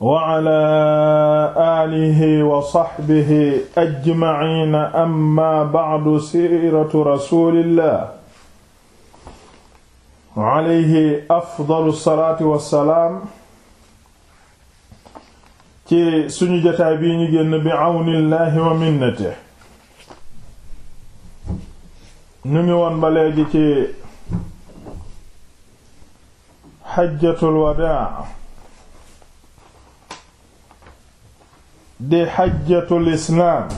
wa ala alihi wa sahbihi ajmaciina amma bacdu siiratu rasulillah alayhi afdalu salaatu wa salaam ci suñu jotaay bii ñu génn bi awnillahi wa minnatihi ñu ngi woon ba léegi ci xajjatul wadaa di xajjatul islaam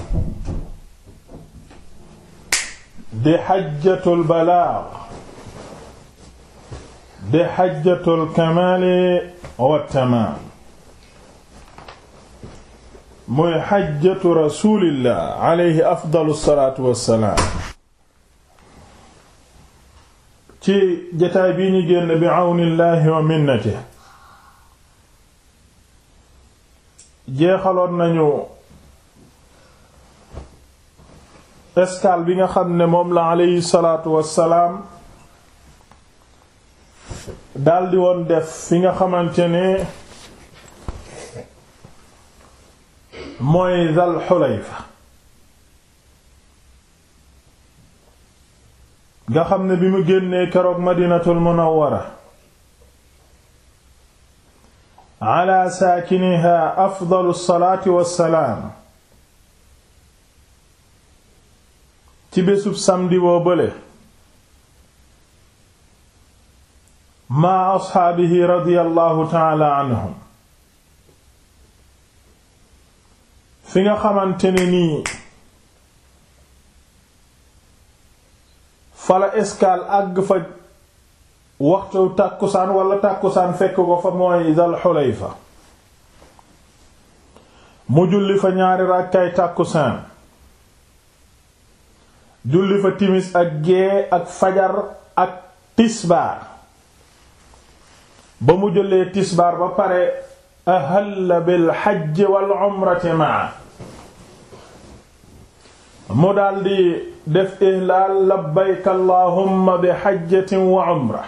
di xajjatul balaag di xajjatul kamaali wa tamaam muy xajjatu rasulillah alayhi ci jataay bii ñu génn bi wa minnatihi jeexaloon nañu escale bi nga xam ne moom la aleyhi salaatu wassalaam daldi woon def fi nga xamante ne mooy Dal Xulayfa nga xam ne bi mu génnee keroog Madinatul Munawwara ala saakiniha afdalu salaati wassalaam ci bésub samedi boo bële maa asxaabihi radiyallahu taala anhum fi nga xamante ne nii fala escale àgg fa waxtu tàkkusaan wala tàkkusaan fekk ko fa mooy Dal Xulayfa mu julli fa ñaari rakkay tàkkusaan julli fa timis ak gée ak fajar ak tisbaar ba mu jëlee tisbaar ba pare ahalla bil hajj wal umrati ma mu daldi def ihlaal labbayka allahumma bi hajjatin wa umra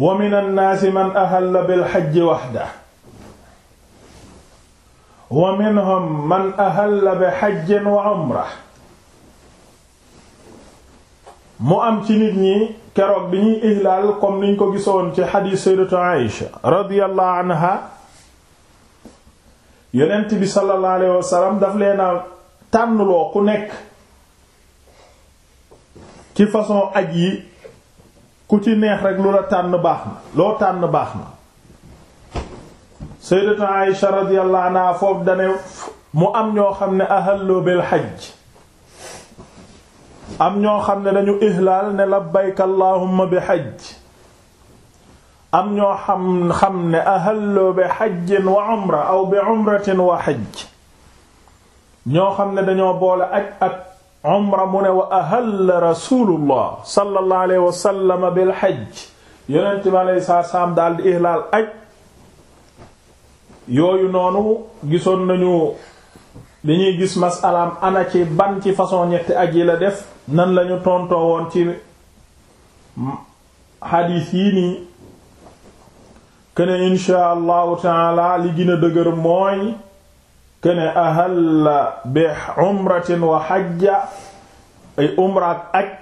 wa min annaasi man ahalla bilxajji waxda wa minhum man ahalla bixajjin wa umra mu am ci nit ñi keroog bi ñuy ihlaal comme niñ ko gisoon ci xadiis sayyidatu Aïsha radiyallahu anha yonent bi sallallahu alayhi wa leen a ku nekk ci façon aj yi ku ci neex rek lu la tànn baax na loo tànn baax na sayyidatu Aisha radiyallahu anha foofu dane mu am ñoo xam ne ahallu bil hajj am ñoo xam ne dañu ihlaal ne labbayka allahumma bi hajj am ñoo xam xam ne ahallu bi hajjin wa umra aw bi umratin wa hajj ñoo xam ne dañoo boole aj ak umra mu ne wa ahalla rasulullah sallallahu alayhi bi alayhi salaam daal di ihlaal aj yooyu noonu gisoon nañu dañuy gis masalaam ana ci ban ci façon ñetti aj yi la def nan lañu tontoo woon ci xadiis yii nii kene insha allahu taala li gën dëgër mooy kene ahalla bi umratin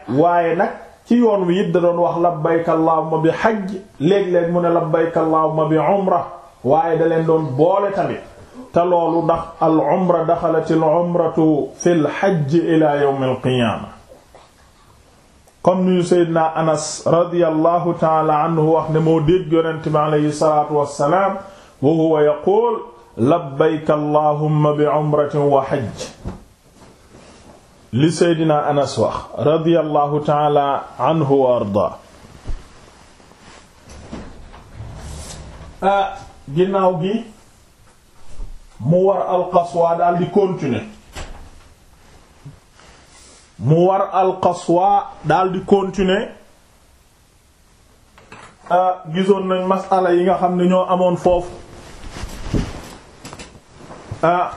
waaye nag ci yoon wi it wax labbayka allahumma bi hajj léeg mu ne labbayka allahumma bi waaye da leen doon boole tamit te loolu ndax al umra daxalat al umratu fi l hajj ila yawm al qiyaama nuyu seydina anas radiyallahu taala anhu wax ne moo dégg yonente bi alayhi salaatu wassalaam wa huwa yaquul labbayka allahumma bi umratin wa hajj li seydina anas wax radiyallahu taala anhu wa ardaa ah ginnaaw gi mu war alqaswaa daal di continuer mu war alqaswaa daal di continuer ah gisoon nañ masala yi nga xam ne ñoo amoon foofu ah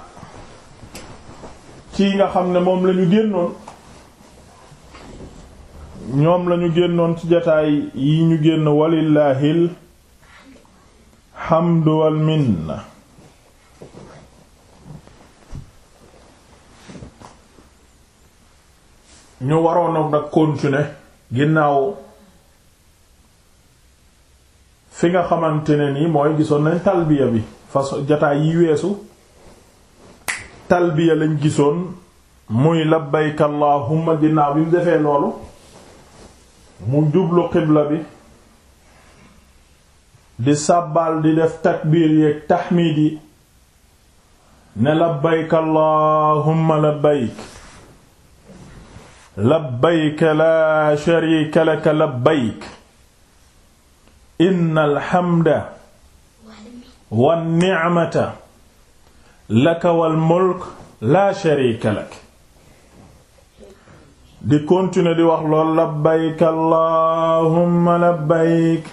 kii nga xam ne moom lañu ñu génnoon ñoom lañu génnoon ci jataay yi ñu génn walillaahil hamdu wal minna ñu waroon nag continuer ginnaaw fi nga xamante ne nii mooy gisoon nañ talbiya bi façon jataay yi weesu talbiya lañ gisoon muy labbayka allahumma ginnaaw bi mu defee loolu mu jublu xibla bi di sàbbaal di def takbiir yeeg taxmiid yi ne labbayka allahumma labbayk labbayka laa sharika laka labbayk innal hamda wan ni'mata laka wal mulk laa sharika lak di continuer di wax lool labbayk allahumma labbayk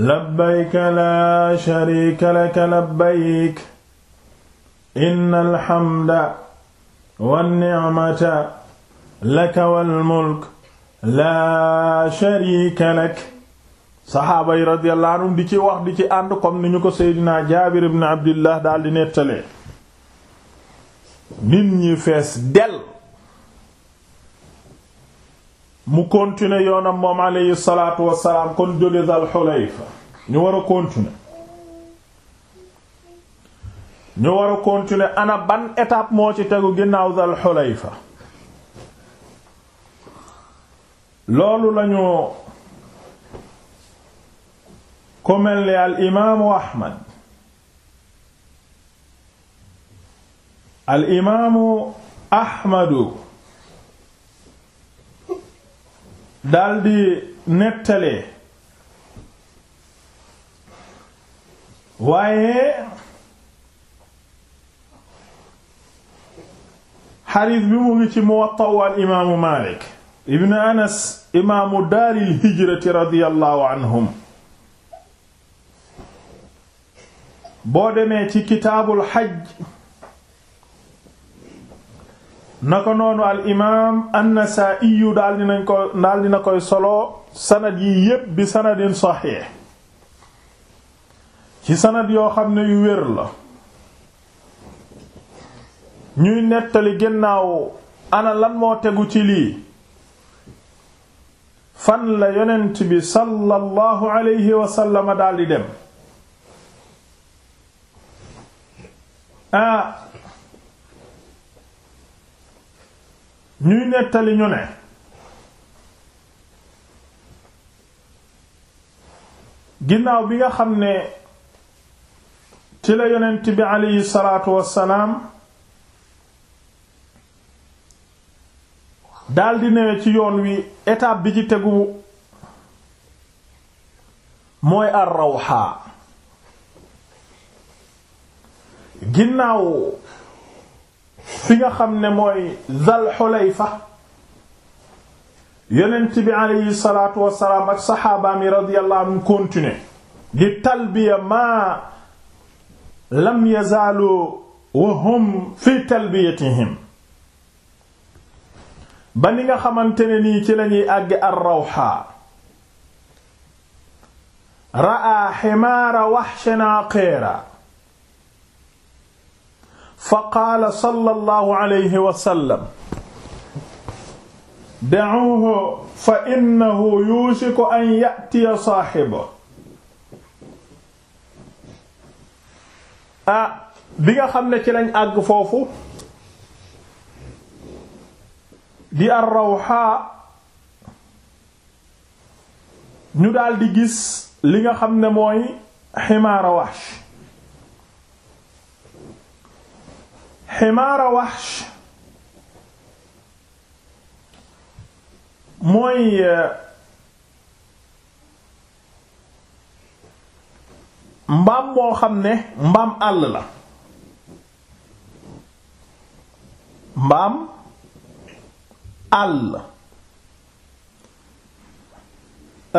labbayk laa sharika laka labbayk innal hamda wan ni'mata laka wal mulk laa sharika lak saxaaba yi radiyallahu anhum di ci wax di ci ànd comme ni ñu ko seydinaa jaabir ibn abdillah daal di nettalee nit ñi fees del mu continuer yoonam moom alayhi salaatu wassalaam kon jóge dal xulayfa ñu war a ñu war a ana ban étape moo ci tegu ginnaaw dal xulayfa loolu lañu ku mel ni al imaamu Ahmad al imaamu Ahmadu daldi nettalee waaye xadiis bi mu ngi ci Muwatta al imaamu Maalik ibn Anas imaamu daaril hijrati radiyallahu anhum boo demee ci kitaabul xaj na ko noonu al imaam an-Nasaa'iyu daal dinañ koy solo sanad yi yépp bi sanadin saxiix ci sanad yoo xam ne yu wér la ñuy nettali ginnaaw ana lan moo tegu ci lii fan la yonent bi sallallahu alayhi wa sallam daal dem ah ñuy nettali ñu ne ginnaaw bi nga xam ne ci la yonent bi aleyhi salaatu wassalaam daldi newe ci yoon wi étape bi ci tegu mooy ar-rawha ginnaaw fi nga xam ne mooy Zal Xulayfa yonent bi aleyhi salaatu wassalaam ak saxaabaam yi radiyallahu anhum continuer di talbiya maa lam yazaalu wa hum fi talbiyatihim ba ni nga xamante ne nii ci lañuy àgg ar-rawha ra'a himaara wahshin aqira fa qaala sallallahu alayhi wa sallam da'uuhu fa innahu yuushiku an ya'tiya saahibahu ah bi nga xam ne ci lañ àgg foofu di ar-Rawhaa ñu daldi gis li nga xam ne mooy ximaara Wahsh ximaara Wahsh mooy eh, mbaam moo xam ne mbaam àll la mbaam àll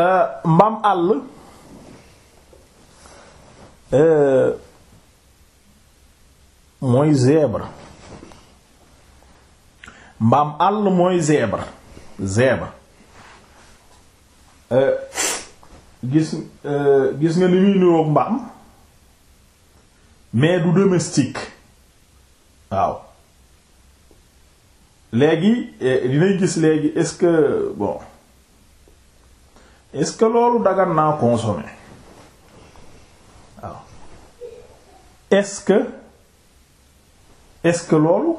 eh, mbaam àll eh, mooy zèbre mbaam àll mooy zèbre zèbre euh, gis euh, gis nga ni muy niroog mbaam mais du domestique waaw léegi eh, dinañ gis léegi est-ce que bon est-ce que loolu dagan naa consommer waaw est est-ce que loolu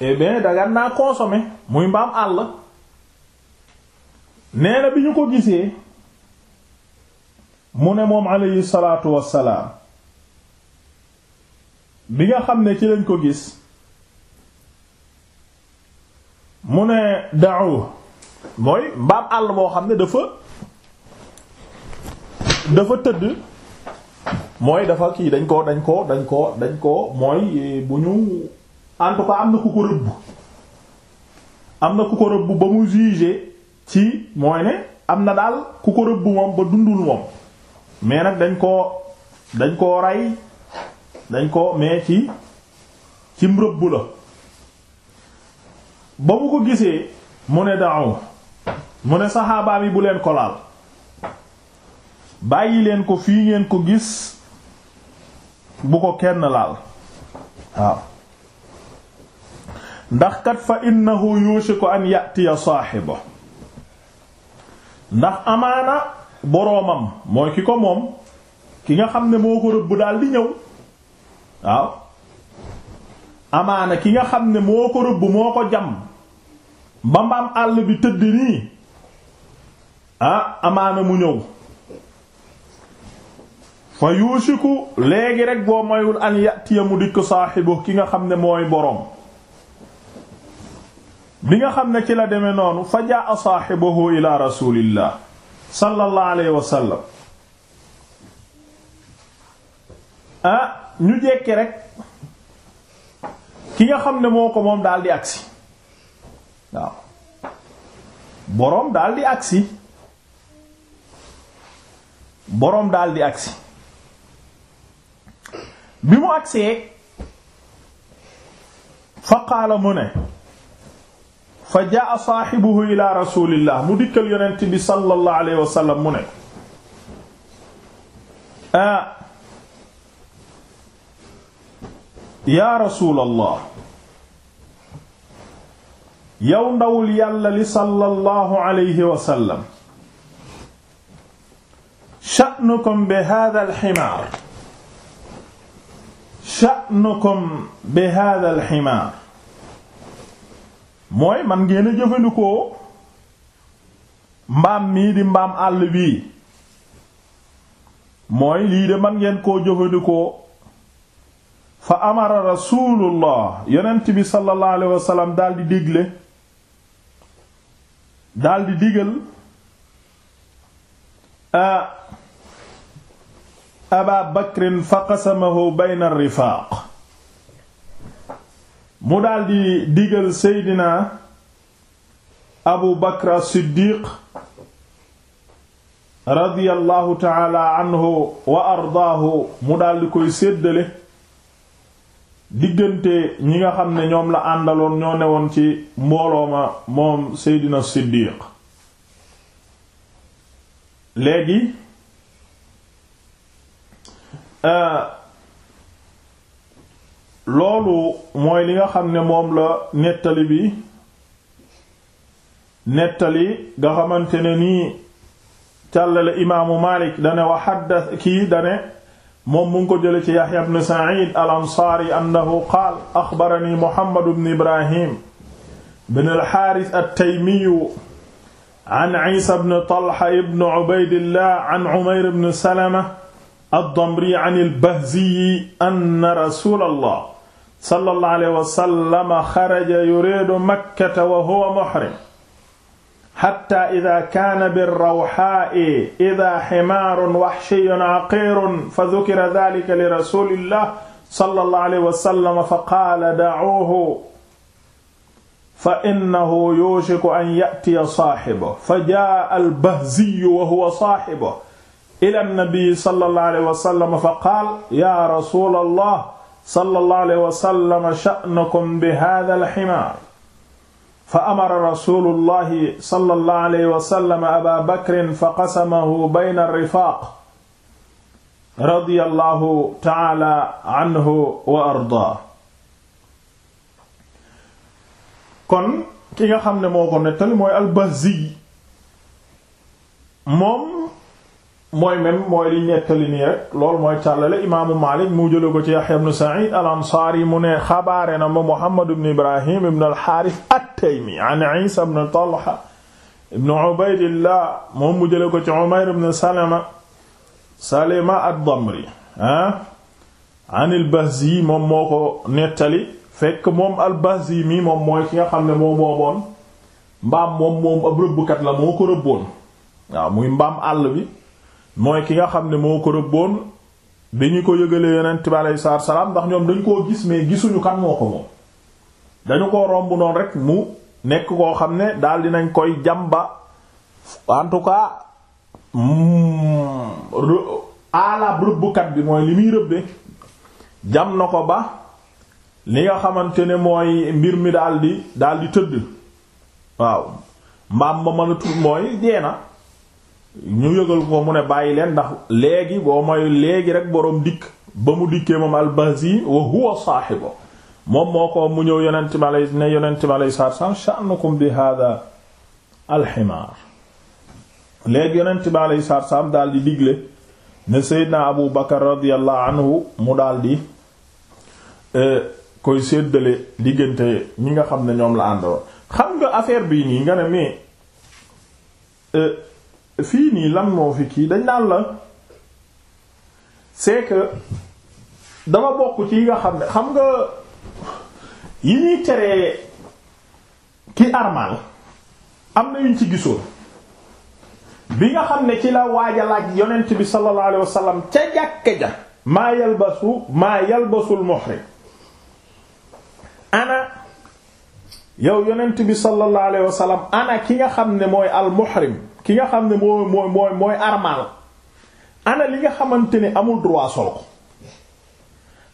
eh bien dagan naa consommer muy mbaam àll nee bi ñu ko gisee mu ne moom alayhi salaatu wassalaam bi nga xam ne ci lañ ko gis mu ne da'u mooy mbaam àll boo xam ne dafa dafa tëdd mooy dafa kii dañ ko dañ ko dañ ko dañ ko mooy bu ñu en am na ku ko rëbb am na ku ko rëbb ba mu jugé ci mooy ne am na daal ku ko rëbb moom ba dundul moom mais nag dañ ko dañ ko rey dañ ko mais ci cim rëbb la ba mu ko gisee mu ne daaw mu ne saxaabaam yi bu leen ko laal bàyyi leen ko fii ngeen ko gis bu ko kenn laal waaw ndax kat fa ko yushiku an yatiya saaxiba ndax amaana boroomam mooy ki ko moom ki nga xam ne moo ko rëbb daal di ñëw waaw amaana ki nga xam ne moo ko rëbb moo ko jam ba mbaam àll bi tëdd nii ah amaana mu ñëw fa yuusiku léegi rek boo mayul an yatiya mu dikk saaxibu ki nga xam ne mooy boroom bi nga xam ne ci la demee noonu fa jaa saaxibuhu ila rasulillah sallallahu alayhi wa ah ñu jekki rekk ki nga xam ne moo ko moom daal di agsi waaw boroom daal agsi boroom daal di agsi bi mu agsee fa qaala mu ne fa jaa saaxibuhu ila rasulillah mu dikkal yonent bi sallallahu alayhi wa sallam mu ne ah yaa rasulallah yow ndawul yàlla li sallallahu alayhi wa sallam sha'nukum bi haadha al-himaar sha'nukum bi hadha al ximaar mooy man ngeen a jëfandikoo mbaam mii di mbaam àll bii mooy lii de man ngeen koo jëfandikoo fa amar rasulullah yonent bi sallallahu alayhi wa daldi digle daldi digal ah, aba bakrin fa qasamahu bayna rifaaq mu daldi digal seydina abu bakr as-siddiq radiyallahu taala anhu wa ardaahu mu daldi koy séddale diggante ñi nga xam ne ñoom la àndaloon ñoo newoon ci mbooloo ma moom seydina siddiq léegi Euh, loolu mooy li nga xam ne moom la nettali bi nettali nga xamante ne nii càllale imaamu Maalik dane wa xadda kii moom mu ngi ko jële ci Yaxya ibn al ansaari annahu qaal axbarani Muhammadu bnu Ibrahim bn alxaaris attaymiyu an Iisa bn Talxa ibn Ubaydillah an Umayr bn Salama ad-Damri an al-Bahziyi anna rasulallah sallallahu alayhi wa sallam xaraja yuriidu makkata wa huwa muhrim xatta idaa kaana bir-rawxaa'i idaa himaarun wahshiyyun aqiirun fa dhukira dhaalika li rasuulillah sallallahu alayhi wa sallam fa qaala da'uuhu fa innahu yuushiku an ya'tiya saahibuhu fa jaa'a al-Bahziyu wa huwa saahibuhu ila nabi sallallahu alayhi wa sallam fa qaal ya rasulallah sallallahu alayhi wa sallam sha'nukum bi hadha al-himaar fa amara rasulullahi sallallahu alayhi wa sallam aba bakrin fa qasamahu bayna ar-rifaaq radiyallahu ta'ala anhu wa ardaa kon ki nga xam ne moo ko nettali mooy al-Bahzi moom mooy même mooy li nettali nii rek mooy càllale imaamu Maalik mu jële ko ci Yahya ibn Sa'id al mu ne xabaare na ma Muhammad ibn Ibrahim ibn al-Haaris at-Taymi an Isa ibn Talha ibn mu jële ko ci Umayr ibn Salama Salima ad-Damri ah an al-Bahzi moom moo ko nettali fekk moom al-Bahzi mi moom mooy ki nga xam ne moo moomoon mbaam moom la moo ko rëbboon waaw muy bi mooy ki nga xam ne moo ko rëbboon bi ñu ko yëgalee yonent bi alayhi salaatu salaam ndax ñoom dañu koo gis mais gisuñu kan moo ko moom dañu ko romb noonu rek mu nekk koo xam ne daal nañ koy jàmba en tout cas mm, alab bi mooy li muy rëbbe jam na ko ba li nga xamante ne mooy mbir mi daal di daal di tëdd waaw mbaam ma mën mooy dee na ñu yëgal ko mu ne bàyyi leen ndax léegi boo mooy léegi rek boroom dikk ba mu dikkee moom al-Bazzi wa huwa saahibu moom moo ko mu ñëw yonent bi alay ne yonent bi alay saatu salaam sha'nukum bi hadha alximaar léegi daal di digle ne Seydina Abu Bakar radiyallahu anhu mu dal di e, koy séddale diggante ñi nga xam ne ñoom la àndoon xam nga affaire bii nii nga ne mais e, fii nii lan moo fi kii dañ naan la c'est dama bokk ci yi nga xam ne xam nga yi ñuy teree ki armal am na yuñ ci gisoon bi nga xam ne ci la waaj a laaj yonent bi sallallahu alayhi wasallam ca jàkka ja maa yalbasu maa yalbasul muhrim ana yow yonent bi sallallahu alayhi wasallam ana ki nga xam ne mooy al muhrim ki nga xam ne mooy mooy mooy mooy armal ana li nga xamante ni amul droit sol ko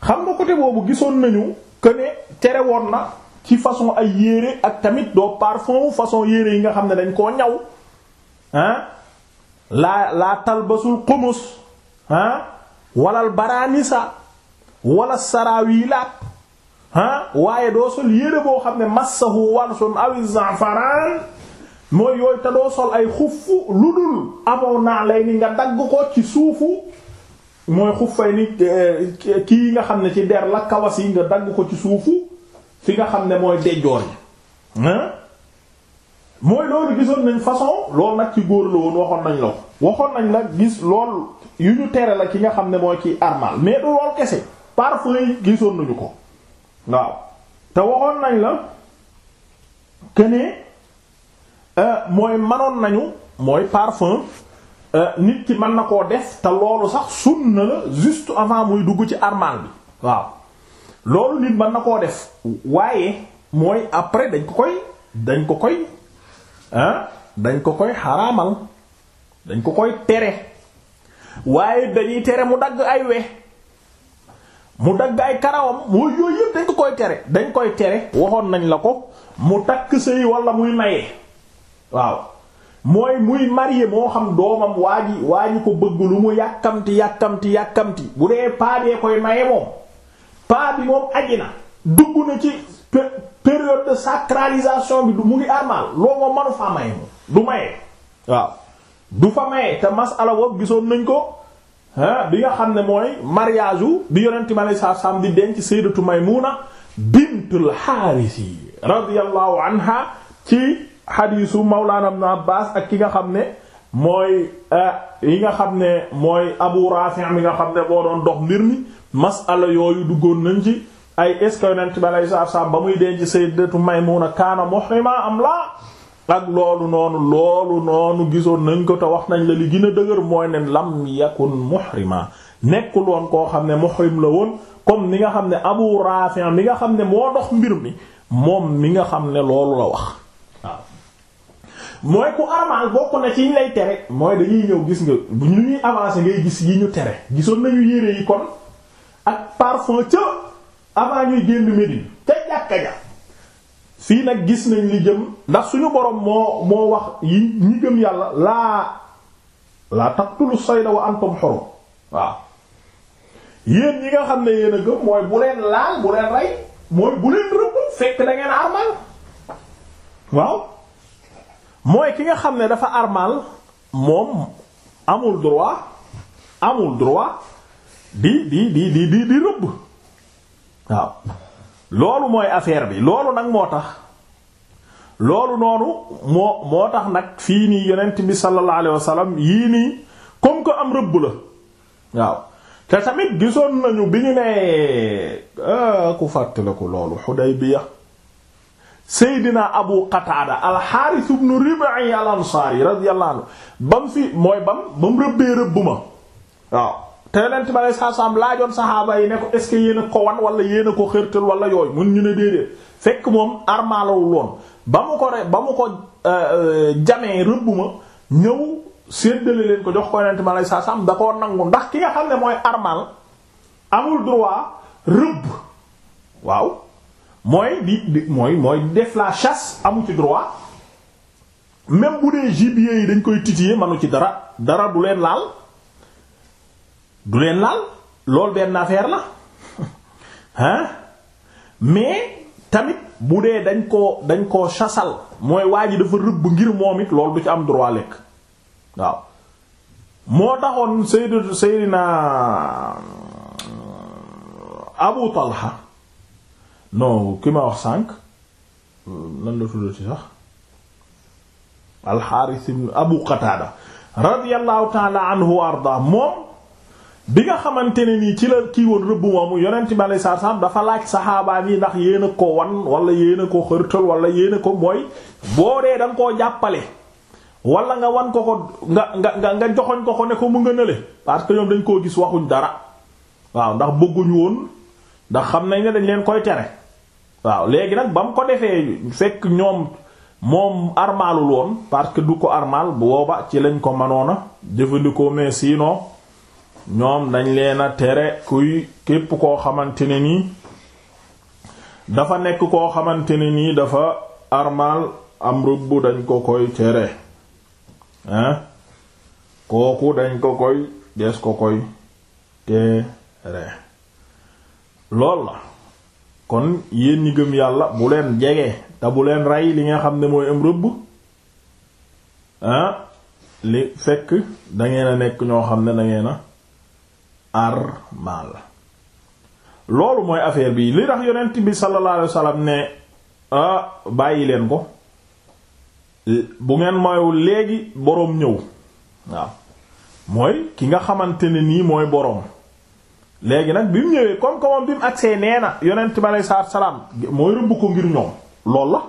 xam nga côté boobu gisoon nañu que tere woon na ci façon ay yére ak tamit doo parfum façon yére yi nga xam ne dañ koo ñaw ah laa laa talbasul xumus ah walal baraanisa wala saraawilaat ah waaye doo sol yére boo xam ne massahu walsun aw zanfaraan mooy yooyu te doo sol ay xuff lu dul amoon naa lay ni nga dagg ko ci suufu mooy xuffay ni eh, kii nga xam ne ci der la kawas yi nga dagg ko ci suufu fi nga xam ne mooy dejjoor yi mooy loolu gisoon nañ façon lool nag ci góor la woon waxoon nañ la waxoon nañ la gis lool yu ñu tere la ki nga xam ne mooy ci armal mais du lool kese parfois gisoon nañu ko waaw te waxoon nañ la que Euh, mooy manoon nañu mooy parfum euh, nit ki mën na koo def te loolu sax sunna la juste avant muy dugg ci armal bi waaw loolu nit mën na koo def waaye mooy après dañ ko koy dañ ko koy ah dañ ko koy xaraamal dañ ko koy tere waaye dañuy tere mu dagg ay we mu dagg ay karawam mooy yooyu yëpp dañ ko koy tere dañ koy tere waxoon nañ la ko mu takk sëy wala muy maye waaw mooy muy marié moo xam doomam waa ji waa ji ko bëgg lu mu yàkkamti yàkkamti yàkkamti bu dee paa bee koy maye moom paa bi moom aji na dugg na ci période de sacralisation bi du mu ngi armal loo moom manu faa maye moom du maye waaw du fa maye te masala boobu gisoon nañ ko ah bi nga xam ne mooy mariage u bi yonenti ma lay sa sam di denc sayyidatu Maymuna bintul Haarisi radiyallahu anha ci xadiisu Mawlana Ibn Abbas ak ki nga xam ne mooy ah, yi nga xam ne mooy Abu Rafi' mi xam ne boo doon dox mbir mi masala yooyu duggoon nañ ci ay est-ce que yonent bi alayhi salaatu salaam ba muy denc sayyidatu Maymuna kaana muhrima am laa ak loolu noonu loolu noonu gisoon nañ ko te wax nañ la li gën a dëgër mooy ne lam yakun muhrima nekkul woon koo xam ne muhrim la woon comme ni nga xam ne Abu Rafi' mi nga xam ne moo dox mbir mi moom mi nga xam ne loolu la wax mooy ku armal bokk na ci ñu lay tere mooy dañuy ñëw gis nga bu ñu ñuy avancer ngay gis yi ñu tere gisoon nañu yére yi kon ak parfum ca avant ñuy génn Médine ca jàkka ja fii nag gis nañ li jëm ndax suñu borom moo moo wax yi ñu gëm yàlla laa laa taqtulu soy wa antum hurum waaw yéen ñi nga xam ne yéen gëm mooy bu leen laal bu leen rey mooy bu leen rëbb fekk da ngeen waaw mooy ki nga xam ne dafa armal moom amul droit amul droit bi di di di di di rëbb waaw loolu mooy affaire bi loolu nag moo tax loolu noonu moo moo tax nag fii nii yonent bi sallallahu alayhi wasallam yii nii comme que am rëbb la waaw te tamit gisoon nañu bi ñu nee ah, ku fàttaliku loolu Hudaybiya Seydina Abu Qatada al-Harith ibn Rib'i al-Ansari radiyallahu anhu bam fi mooy bam bam rëbbee rëbb ma waaw te yonent bi alayhi salaam laajoon saxaaba yi ne ko est-ce ko wan wala yéen a ko xërtal wala yooyu mun ñu ne déedéet fekk moom armaalawul woon ba mu ko re ba mu ko euh, euh, jamee rëbb ma ñëw séddale leen ko jox ko yonent bi alayhi salaam da koo nangu ndax ki nga xam ne mooy armaal amul droit rëbb waaw mooy di mooy mooy def laa chasse amu ci droit même bu dee gibier yi dañ koy titiller manu ci dara dara du leen laal du leen laal loolu benn affaire la hein mais tamit bu dee dañ ko dañ koo sasal mooy waa ji dafa rëbb ngir moom it lool du ci am droit lekk waaw moo taxoon Seydou Seydina Abu Talha non ki ma wax sànq lan la tuddati sax alxaaris ibn abu qataada radiyallahu taala anhu wa arda moom bi nga xamante ne nii ci la kii woon rëbb moomu yonent bi alei satu dafa laaj saxaabaa yi ndax yéen a ko wan wala yéen a ko xërtal wala yéen a ko mooy boo dee da koo jàppale wala nga wan ko ko nga nga nga joxoñ ko ko ne ko mu nga nële parce que ñoom dañ koo gis waxuñ dara waaw ndax bëgguñu woon ndax xam nañ ne dañ leen koy tere waaw léegi nag ba mu ko defee fekk ñoom moom armaalul woon parce que du ko armaal booba ci lañ ko mënoona jëfandikoo mais sinon ñoom dañ leen a tere kuy képp koo xamante ne nii dafa nekk koo xamante ne nii dafa armaal am rëbb dañ ko koy tere hein kooku dañ ko koy des ko koy tere lool la kon yéen ñi gëm yàlla bu leen jege te bu leen rey li nga xam ne mooy am rëbb ah, li fekk dangeen a nekk ñoo xam ne dangeen a armal loolu mooy affaire bi li tax yonent bi sallallahu alayhi ne bàyyi leen ko bu ngeen moywul léegi boroom ñëw waaw mooy ki nga xamante ne nii mooy boroom léegi nag bi mu ñëwee comme que moom bi mu agsee nee na yonent bi aleyhi salaatu salaam mooy rëbb ko ngir ñoom loolu la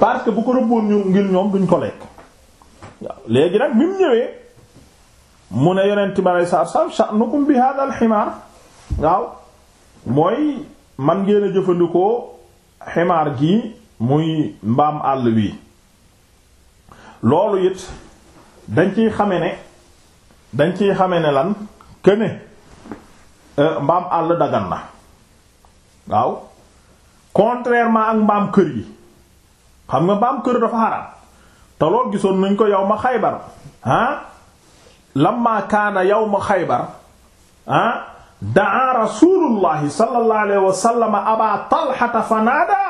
parce que bu ko rëbboon ñu ngir ñoom duñ ko lekk léegi nag bi mu ñëwee mu ne yonent bi aleyhi salaatu salaam bi hadha al waaw mooy man ngeen a jëfandikoo ximaar gi muy mbaam àll wi loolu it dañ ciy xame ne dañ ciy xame ne lan këne Euh, mbaam àll dagan na waaw contrairement ak mbaam kër yi xam nga mbaam kër dafa xaraam te gisoon nañ ko yow ma xaybar ah kaana yow ma xaybar ah daa rasulullahi sallallahu aba talhata fa naada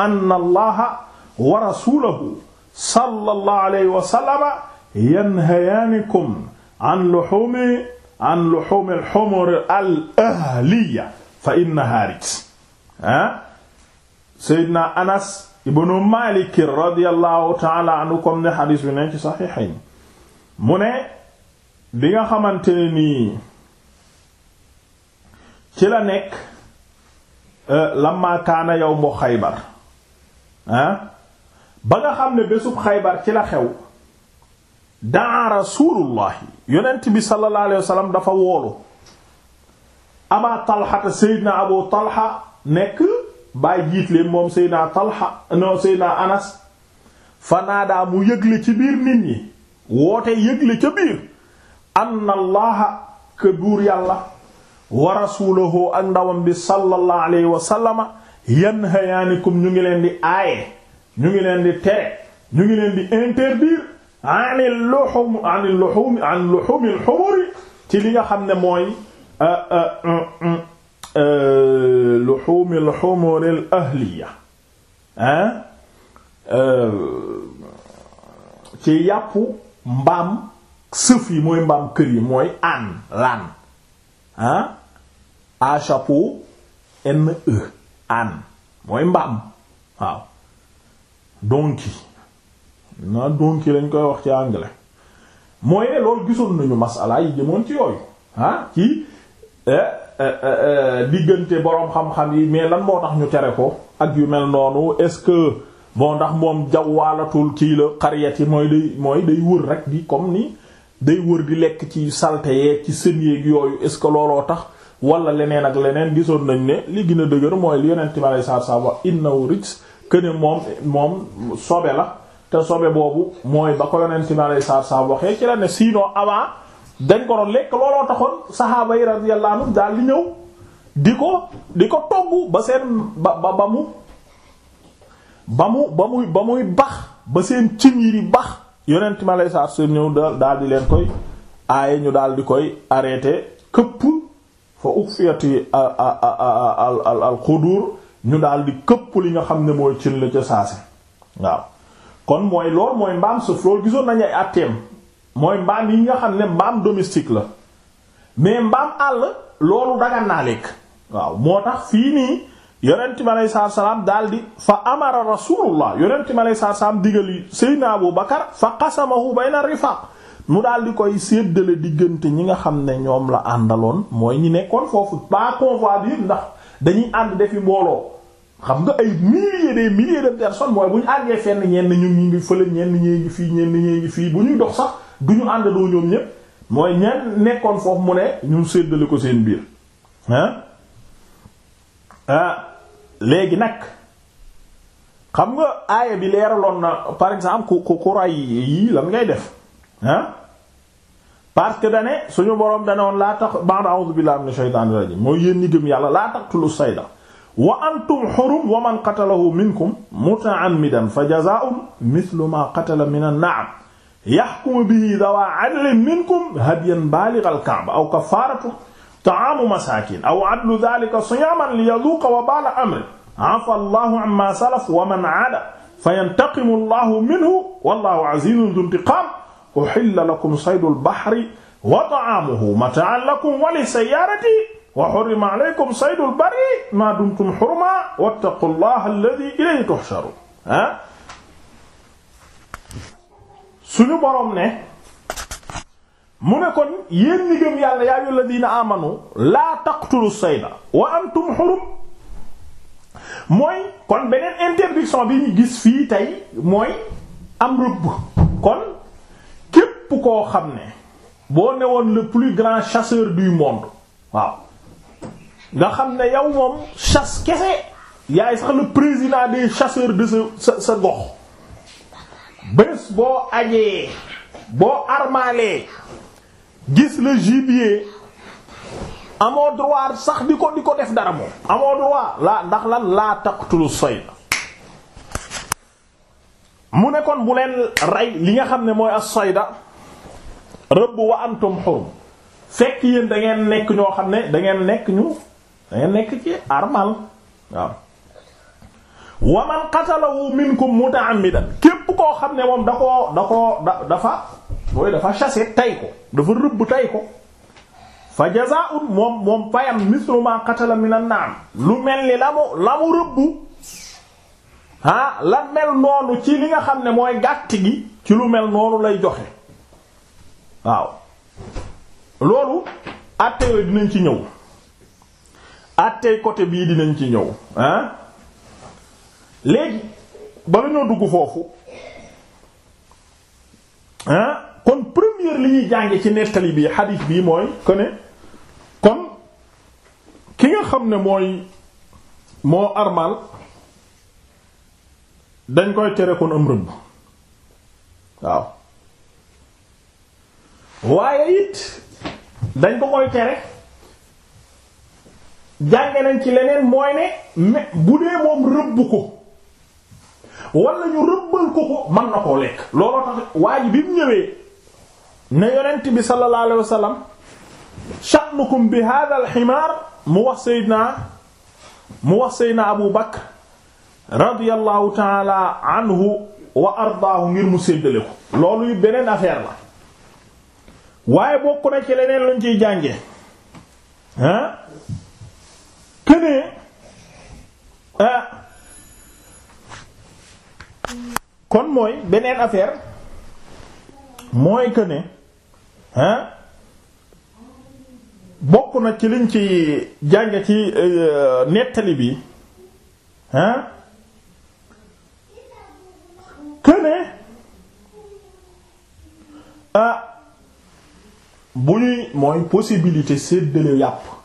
anna allaha wa rasulahu sallallahu alayhi wa an luhumi an luhum al humur al ahliya fa innaha rijs ah Seydina Anas ibnu Malik radiyallahu ta'ala anhu comme ne xadis bi ne ci saxiixayn mu ne bi nga xamante ne nii ci la nekk euh, lamma kaana yawmu Xaybar ah ba nga xam ne bésub Xaybar ci la xew daa rasulullahi yonent bi sallallahu alayhi wa dafa woolu aba talxata seydna abu talxa nekk bàyyi jiit leen moom seydna talxa non seydna anas fanaadaa yëgle ci biir nit ñi woote yëgle ca biir anna allaha yàlla wa rasulahu ak ndawam bi sallallahu alayhi wa sallama yanhayaanikum ñu ngi leen di aaye ñu ngi leen di tere ñu ngi leen di interdire an luhum an luhum an luhum al humur ci li nga xam ne mooy euh, euh, euh, luhum al humur al ahliya ah ci yàppu mbaam sëf yi mooy mbaam kër yi mooy an laan ah à chapeau n e an mooy mbaam waaw donc naa donki lañ koy wax ci anglais mooy ne loolu gisoon nañu masala yi jëmoon ci yooyu ah ci eh, eh, eh, diggante boroom xam-xam yi mais lan moo tax ñu tere ko ak yu mel noonu est-ce que bon ndax moom jawwaalatul kii la xaryat yi mooy day mooy day wër rek di comme nii day wër di lekk ci saleté yeeg ci sën yeeg yooyu est-ce que looloo tax wala leneen ak leneen gisoon nañ ne li gën a dëgër mooy yeneen yonent mi alei saatu salaam wax innahu rijs que ne moom moom sobe la te sobe boobu mooy ba ko yonent bi alayhi salaatu salaam waxee ci la ne sinon avant dañ ko doon lekk looloo taxoon saxaaba yi radiyallahu anhum daal di ñëw di ko di ko togg ba seen ba ba mu ba mu ba muy bax ba seen cin yi di bax yonent bi alayhi salaatu salaam ñëw daal di leen koy aaye ñu daal di koy arrêté këpp fa ufiyati al al al xudur ñu daal di këpp li nga xam ne mooy cin la ca saase waaw. kon mooy lool mooy mbaam sëf loolu gisoon nañu ay mooy mbaam yi nga xam ne mbaam domestique la mais mbaam àll loolu dagan naa lekk waaw moo tax fii nii yonent mi aleyhi salaatu salaam daal di fa amara rasulullah yonent mi aleyhi salaatu salaam digal Seydina Abu Bakar fa qasamahu bayna rifaq mu daal di koy séddale diggante ñi nga xam ne ñoom la àndaloon mooy ñi nekkoon foofu ba convoi bi ndax dañuy ànd defi mbooloo xam nga ay milliers des milliers de personnes mooy bu ñu àggee fenn ñenn ñu ngi fële ñenn ñee ngi fii ñenn ñee ngi fii bu ñuy dox sax du ñu ànd doo ñoom ñépp mooy ñenn nekkoon foofu mu ne ñu séddale ko seen biir ah léegi nag xam nga aaya bi leeraloon na par exemple ku ku ray yii lan ngay def ah parce que dane suñu boroom danoon laa tax ba'da a'udhu billahi minash shaytanir rajim mooy yéen ñi gëm yàlla laa tax tulu sayda wa antum xurum wa man qatalahu minkum muta'ammidan fa jazaa'un mithlu ma qatala min an-na'am yahkumu bihi dawaa adlin minkum hadyan baaligha al-ka'ba aw kaffaaratu ta'aamu masaakin aw adlu dhaalika siyaaman liyazuuqa wabaala amrihi afa Allahu amma salaf wa man aada fayantaqimu Allahu minhu wallaahu aziizun dhu intiqaam uhilla lakum saydul bahri wa ta'aamuhu mataa'an lakum wa li sayyaarati wa hurrima alaykum saydul bari ma dumtum hurma wattaqullaha alladhi ilayhi tuhsharun ah suñu borom ne mu ne kon yéen ñi gëm yàlla yaa yu alladhina amanu laa taqtulu sayda wa antum hurum mooy kon beneen interdiction bi ñu gis fii tey mooy am rëbb kon képp koo xam ne boo newoon le plus grand chasseur du monde waaw nga xam ne yow moom chasse kese yaay sax le président des chasseurs de sa sa sa gox bés boo ajee boo armalee gis le gibier amoo droit sax di ko di ko def dara moom amoo droit laa ndax lan laa taqtulu sayt mu nekkoon bu leen rey li nga xam ne mooy as-sayda rëbb wa antum xurum fekk yéen da ngeen nekk ñoo xam ne da ngeen nekk ñu dangeen nekk ci armal waaw wa man qatalahu minkum muta'ammidan képp koo xam ne moom da koo da koo dafa mooy dafa chasser tay ko dafa rëbb tay ko fa jazaa'un moom moom fayam mislu ma qatala min an lu mel ni la mu la mu rëbb ah la mel noonu ci li nga xam ne mooy gàtt gi ci lu mel noonu lay joxe waaw loolu àtte dinañ ci ñëw attey côté bii dinañ ci ñëw ah léegi bala ñoo dugg foofu kon première li ñuy jànge ci nettali bii xadiis bii mooy que kon ki nga xam ne mooy moo armal dañ koy tere kon am rëbb waaw waaye it dañ ko koy tere jànge nañ ci leneen mooy ne bu dee moom rëbb ko wala ñu rëbbal ko ko mën na koo lekk looloo tax waa bi mu ñëwee ne yonent bi sallallahu alayhi wasallam bi hadha al mu wax sayyidina mu wax sayyidina Abu Bakr radiyallahu ta'ala anhu wa mu séddale ko affaire la waaye bokk na ci leneen luñ ciy jànge ah ne ah, kon mooy beneen affaire mooy que ne ah, bokk na ci liñ ci jànge ci euh, nettali bi ah que ne ah, bu ñuy mooy possibilité séddale yàpp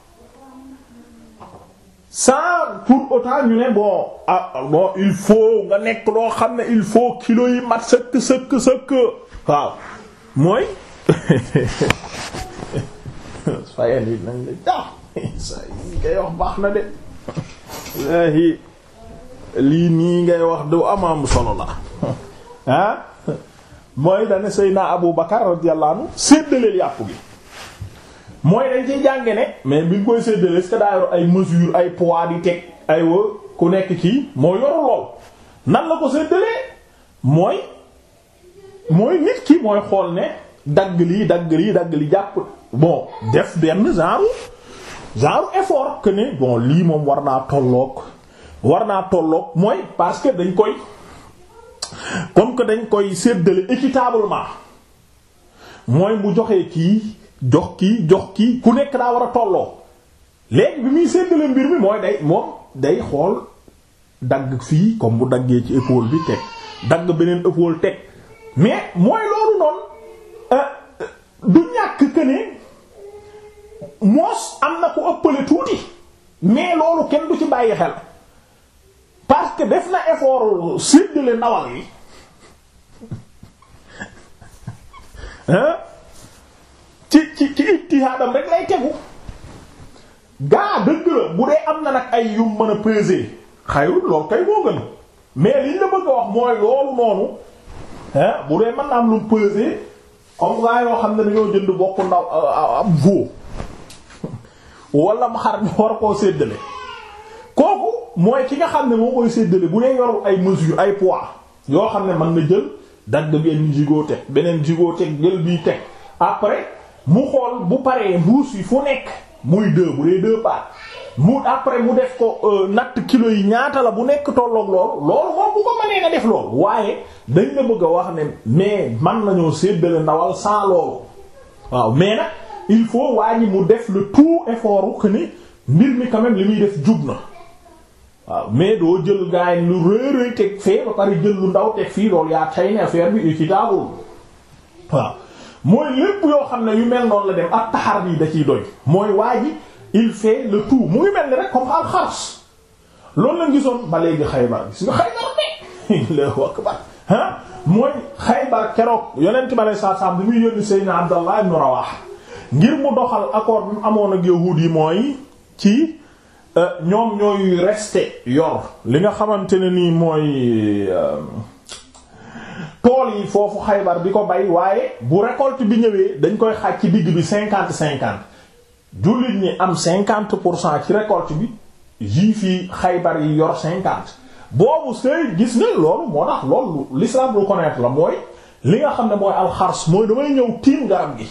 sans pour autant ñu ne bon ah, ah bon il faut nga nekk loo xam ne il faut kilo yi mat sëkk sëkk sëkk waaw mooy sayel ah, yi ngay wax baax na de laahi lii nii ngay wax du amaam solo la ah mooy dane Seydina Abu Bakar radiyallahu anhu séddaleel yàpp gi mooy dañ ciy jànge ne mais bi ñu koy séddalee est-ce que daa ay mesure ay poids di teg ay wa ku nekk kii moo yoru lool nan la ko séddalee mooy mooy nit ki mooy xool ne dagg lii dagg lii dagg li jàpp bon def benn genre genre effort que ne bon lii moom war naa tollook war naa tolloog mooy parce que dañ koy comme que dañ koy séddale équitablement mooy mu joxee kii jox kii jox kii ku nekk daa war a tolloo léegi bi muy séddale mbir mi mooy day moom day xool dagg fii comme bu daggee ci épaule bi teg dagg beneen épaule teg mais mooy loolu noonu euh, euh, du ñàkk que moos am na ko ëppale tuuti mais loolu kenn du ci bàyyi xel parce que def na effort séddale ndawal yi ci ci ci ijtihaadam rek lay tegu gaa dëgg la bu dee am na nag ay yum mën a peser xayrul loolu kay moo gën mais liñ la bëgg a wax mooy loolu noonu ah bu dee mën na am lu peser comme gaa yoo xam ne dañoo jënd bokk ndaw am voo wala mu xar ñu war koo séddale kooku mooy ki nga xam ne moo koy séddale bu dee yorul ay mesure ay poids yoo xam ne mën na jël dagg benn jigoo teg beneen jigoo teg jël bii teg après mu xool bu paree mbuus yi fu nekk muy deux bu dee deux parts mu après mu def ko euh, natt kilo yi ñaata la bu nekk tolloog loolu loolu moom bu ko mënee nga def loolu waaye dañ la bëgg a wax ne mais man nañoo séddale ndawal sans loolu waaw mais nag il faut waa ñi mu def le tout effort que ni mbir mi quand même li muy def jub na waaw mais doo jël gaay lu rëy rëy teg fee ba pare jël lu ndaw teg fii loolu yaa tay ne affaire bi équitable waaw mooy lépp yoo xam ne yu mel noonu la dem ak taxar bi da ciy doy mooy waa ji il fait le tout mu ngi mel ni rek comme al xars loolu la gisoon ba léegi Xaybar gis nga Xaybar de mooy Xaybar keroog yonent ba lay saa saa bi muy yónni Seydina Abdallah ibn Rawaha ngir mu doxal accord amoon ak yahuud yi mooy ci euh, ñoom ñooy rester yor li nga xamante ne nii mooy. Euh, tool yi foofu xaybar bi ko bay waaye bu récolte bi ñëwee dañ koy xaaj ci digg bi cinquante cinquante jullit ñi am cinquante pour cent ci récolte bi juif yi xaybar yi yor cinquante boobu sëy gis na loolu moo tax loolu l'islam reconnaître la mooy li nga xam ne mooy am alxars mooy damay ñëw tiim garab gi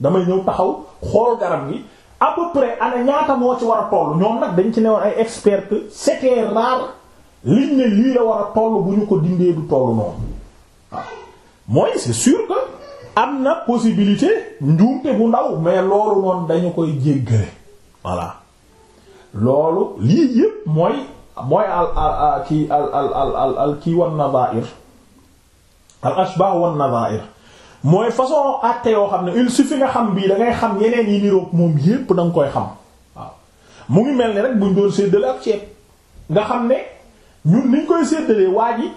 damay ñëw taxaw xool garab gi à peu près ana ñaata moo ci war a toll ñoom nag dañ ci newoon ay experts c'était rare liñ ne lii la war a toll bu ñu ko dindee du toll waaw ah. mooy c'est sûr que am na possibilité njuumte bu ndaw mais loolu noonu dañu koy jéggale voilà loolu lii yépp mooy mooy al al kii al al al al kii wan nazair al ashbah wan nazair mooy façon àtte yoo xam ne il suffit nga xam bii da xam yeneen yi niroog moom yépp danga koy xam mu ngi mel ni rek bu doon séddale ak ceeb nga xam ne ñun niñ koy séddalee waa ji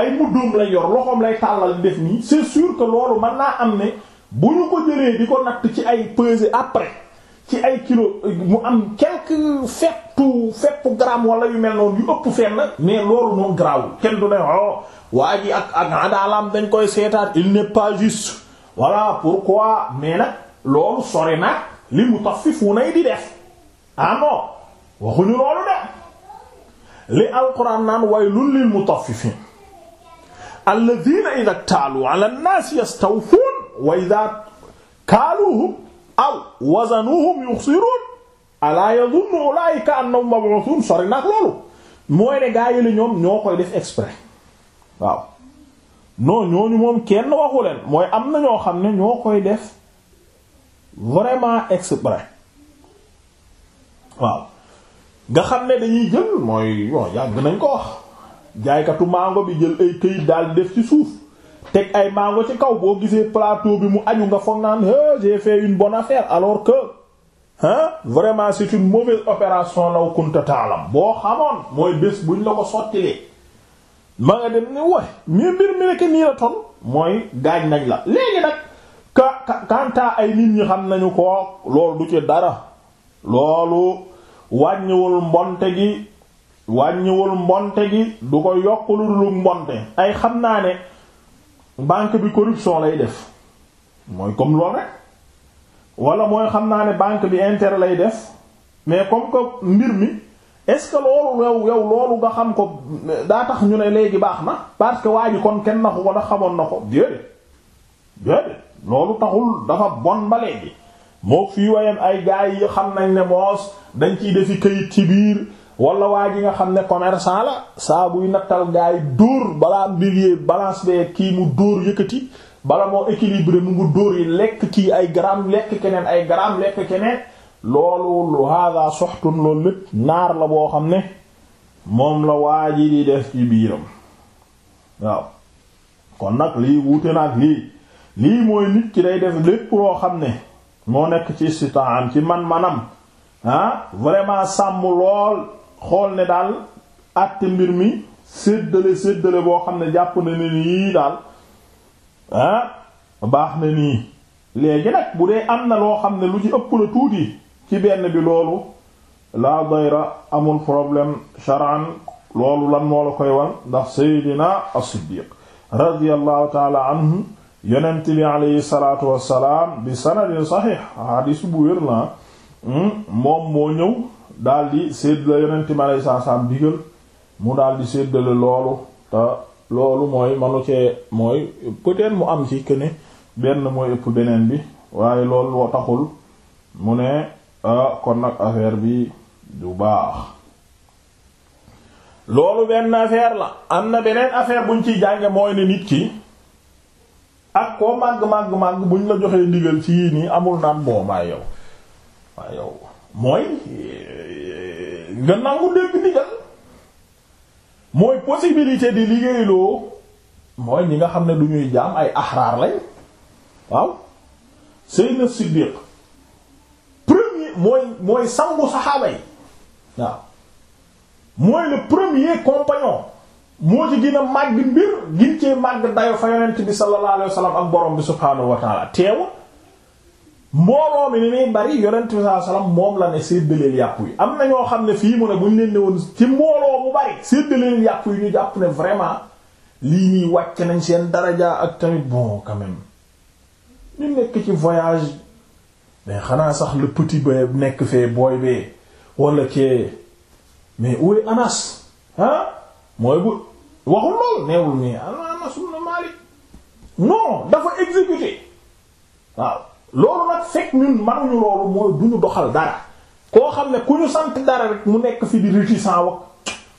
ay muddóom lay yor loxoom lay tàllal def nii c'est sûr que loolu mën naa am ne bu ñu ko jëlee di ko natt ci ay pesée après ci ay kilo mu am quelque fettu fettu gramme wala yu mel noonu yu ëpp fenn mais loolu noonu garaawul kenn du ne o oh, waa ji ak ak adalam dañ koy seetaat il n'est pas juste voilà pourquoi mais nag loolu sore nag li mu tax fu nay di def ah non waxuñu loolu de li alquran naan waylun lil mutaffifin alladhina idha taalu ala an-nas yastawfun wa idha kaaluhum aw wazanuhum yukhsirun ala yadhunnu ulaika la ñoom ñoo koy def exprès waaw non ñooñu moom kenn waxu leen mooy am na ñoo xam ne ñoo koy def vraiment exprès waaw nga xam ne dañuy jël mooy bon yàgg nañ ko wax. jaaykatu mango bi jël ay këyit daal def ci suuf teg ay mango ci kaw boo gisee plateau bi mu aju nga foog naan hé j'ai fait une bonne affaire alors que hein vraiment c'est une mauvaise opération law kunta taalam boo xamoon mooy bés buñ la ko sottilee ma nga dem ni woy mii mbir mi rekk nii la ton mooy gaañ nañ la léegi nag kantaa ay nit ñi xam nañu ko loolu du ci dara loolu wàññiwul mbonte gi wàññiwul mbonte gi du ko yokk lu dul mbonte ay xam naa ne banque bi corruption lay def mooy comme lool rek wala mooy xam naa ne banque bi intérêt lay def mais comme que mbir mi est-ce que loolu yow yow loolu nga xam ko daa tax ñu ne léegi baax na parce que waa ji kon kenn naxu ko da xamoon na ko déedéet déedéet loolu taxul dafa bon ba léegi moo fii wayam ay gaay yi xam nañ ne moos dañ ciy defi këyit ci biir wala waa ji nga xam ne commerçant la saa buy nattal gaa yi dóor balaa mbir balance bee kii mu dóor yëkkati bala moo équilibré mu ngi dóor yi lekk kii ay gramme lekk keneen ay gramme lekk keneen loolu lu hada soxtun loolu lépp naar la boo xam ne moom la waa ji di def ci biiram waaw kon nag lii wuute nag lii lii mooy nit ki day def lépp loo xam ne moo nekk ci istitaan ci man-manam ah vraiment sàmm lool xool ne daal àtte mbir mi séddale séddale boo xam ne jàpp na ne nii daal ah, baax na nii léegi nag bu dee am na loo xam ne lu ci ëpp la tuuti ci benn bi loolu laa dayra amul problème charan loolu lan moo la koy wan ndax seydina as-siddiq radiyallahu taala anhu yonent bi aleyhi salatu wassalaam bi sanadin saxiix xadis bu wér hmm, moom moo ñëw daldi séddale yonenti ma lay saa saam digal mu daldi séddale loolu te loolu mooy manu cee mooy peut mu am ci que benn mooy ëpp beneen bi waaye loolu loo taxul mu ne ah, kon nag affaire bi bu baax loolu benn affaire la am na beneen affaire buñ ci jànge mooy ne nit ki ak koo màgg màgg màgg buñ la joxee ndigal ci yii nii amul naan boobaay yow waaye yow mooy euh, nga nangu dégg ndigal mooy possibilité di liggéeyloo mooy ñi nga xam ne du ñuy jaam ay ahraar lañ waaw Seydina Siddiq premier mooy mooy sangu saxaaba yi waaw mooy le premier compagnon moo ci gën a màgg mbir gin cee màgg dayo fa yonent bi sallallahu alayhi wa ak borom bi subhaanahu wa ta'ala teewa mbooloo mi ni muy bari yonent bi salaam moom la ne séddaleel yàpp yi am na ñoo xam ne fii mu ne bu ñu leen woon ci mbooloo mu bari séddaleel yàpp yi ñu jàpp ne vraiment lii nii wàcc nañ seen daraja ak tamit bon quand même ñu nekk ci voyage mais xanaa sax le petit ba nekk fee booy bee wala kee mais où est Anas ah mooy bu waxul lool neewul nii Anas ibn Malik non dafa exécuté waaw. loolu nag fekk ñun manuñu loolu mooy du ñu doxal dara koo xam ne ku ñu sant dara rek mu nekk fi di réticent wax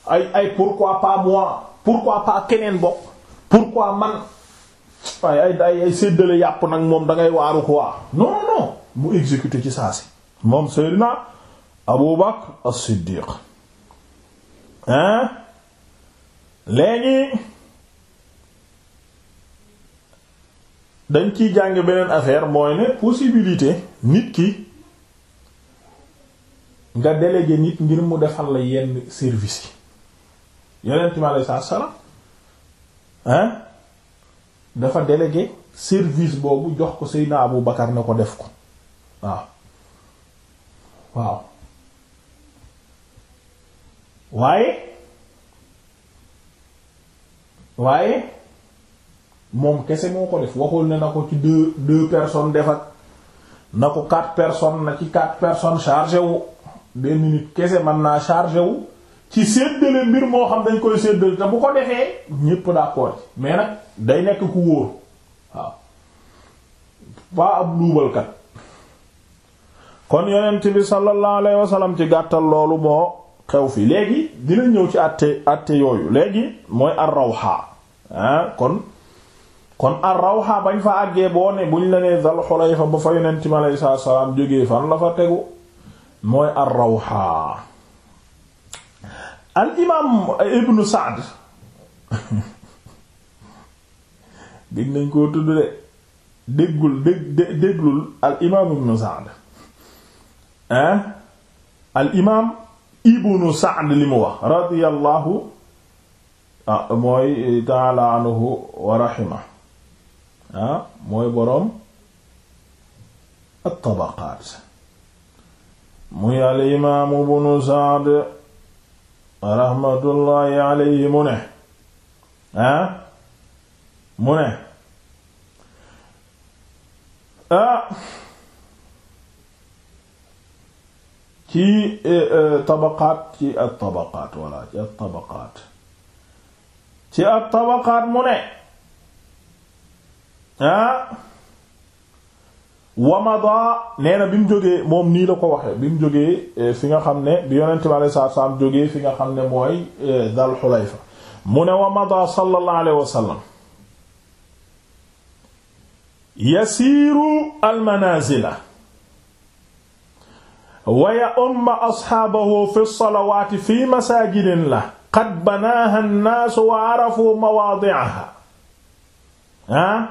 ay ay pourquoi pas moi pour pourquoi pas keneen bokk pourquoi man ay ay ay séddale yàpp nag moom dangay ngay waaru quoi non non mu exécuté ci saa si moom Seydina Abu Bakr as-Siddiq hein léegi dañ ciy jàng beneen affaire mooy ne possibilité nit ki nga délégué nit ngir mu defal la yenn service yi yeneen mi alei saatu salam dafa délégué service boobu jox ko Seydina Abu Bakar na ko def ko waaw waaw waaye waaye moom kese moo ko def waxul ne na ko ci deux deux personnes def ak na ko quatre personnes na ci quatre personnes chargé wu benn nit kese man naa chargé wu ci séddale mbir moo xam dañ koy séddale te bu ko defee ñépp d'accord ci mais nag day nekk ku wóor waaw am luubal luubalkat kon yonent bi sallallahu alayhi wa sallam ci gàttal loolu moo xew fii léegi dina ñëw ci àtte àtte yooyu léegi mooy ar-rawha ah kon kon ar rawxa bañ fa àggee boo ne buñ la nee Dul Xulayfa ba fa yonent mi salaam jógee fan la fa tegu mooy ar rawxa al imaam ibnu Saad dégg nañ koo tudd de déggul dégg déglul al imaam ibnu Saad ah al imaam ibnu Saad li mu wax radiyallahu ah mooy ta'ala anhu wa ah mooy boroom at-Tabaqaat muy al imaamu Ibnu Sa'd raxmatullaahi alayhi mu ne ah mu ne ah ci e, e, tabaqaat ci at-Tabaqaat walla ci at-Tabaqaat ci at-Tabaqaat mu ne ah wamada nee na bi moom nii la ko waxee bi mu eh, fi nga xam ne bi yonent bi salaam jógee fi nga xam ne mooy eh, dal xulayfa mu ne wamada sallallahu alayhi wa sallam yasiiru almanazila wa ya'umma asxaabahu fi salawaati fi masaajidin la qad banaaha an-naasu wa arafu mawaadi'aha ah.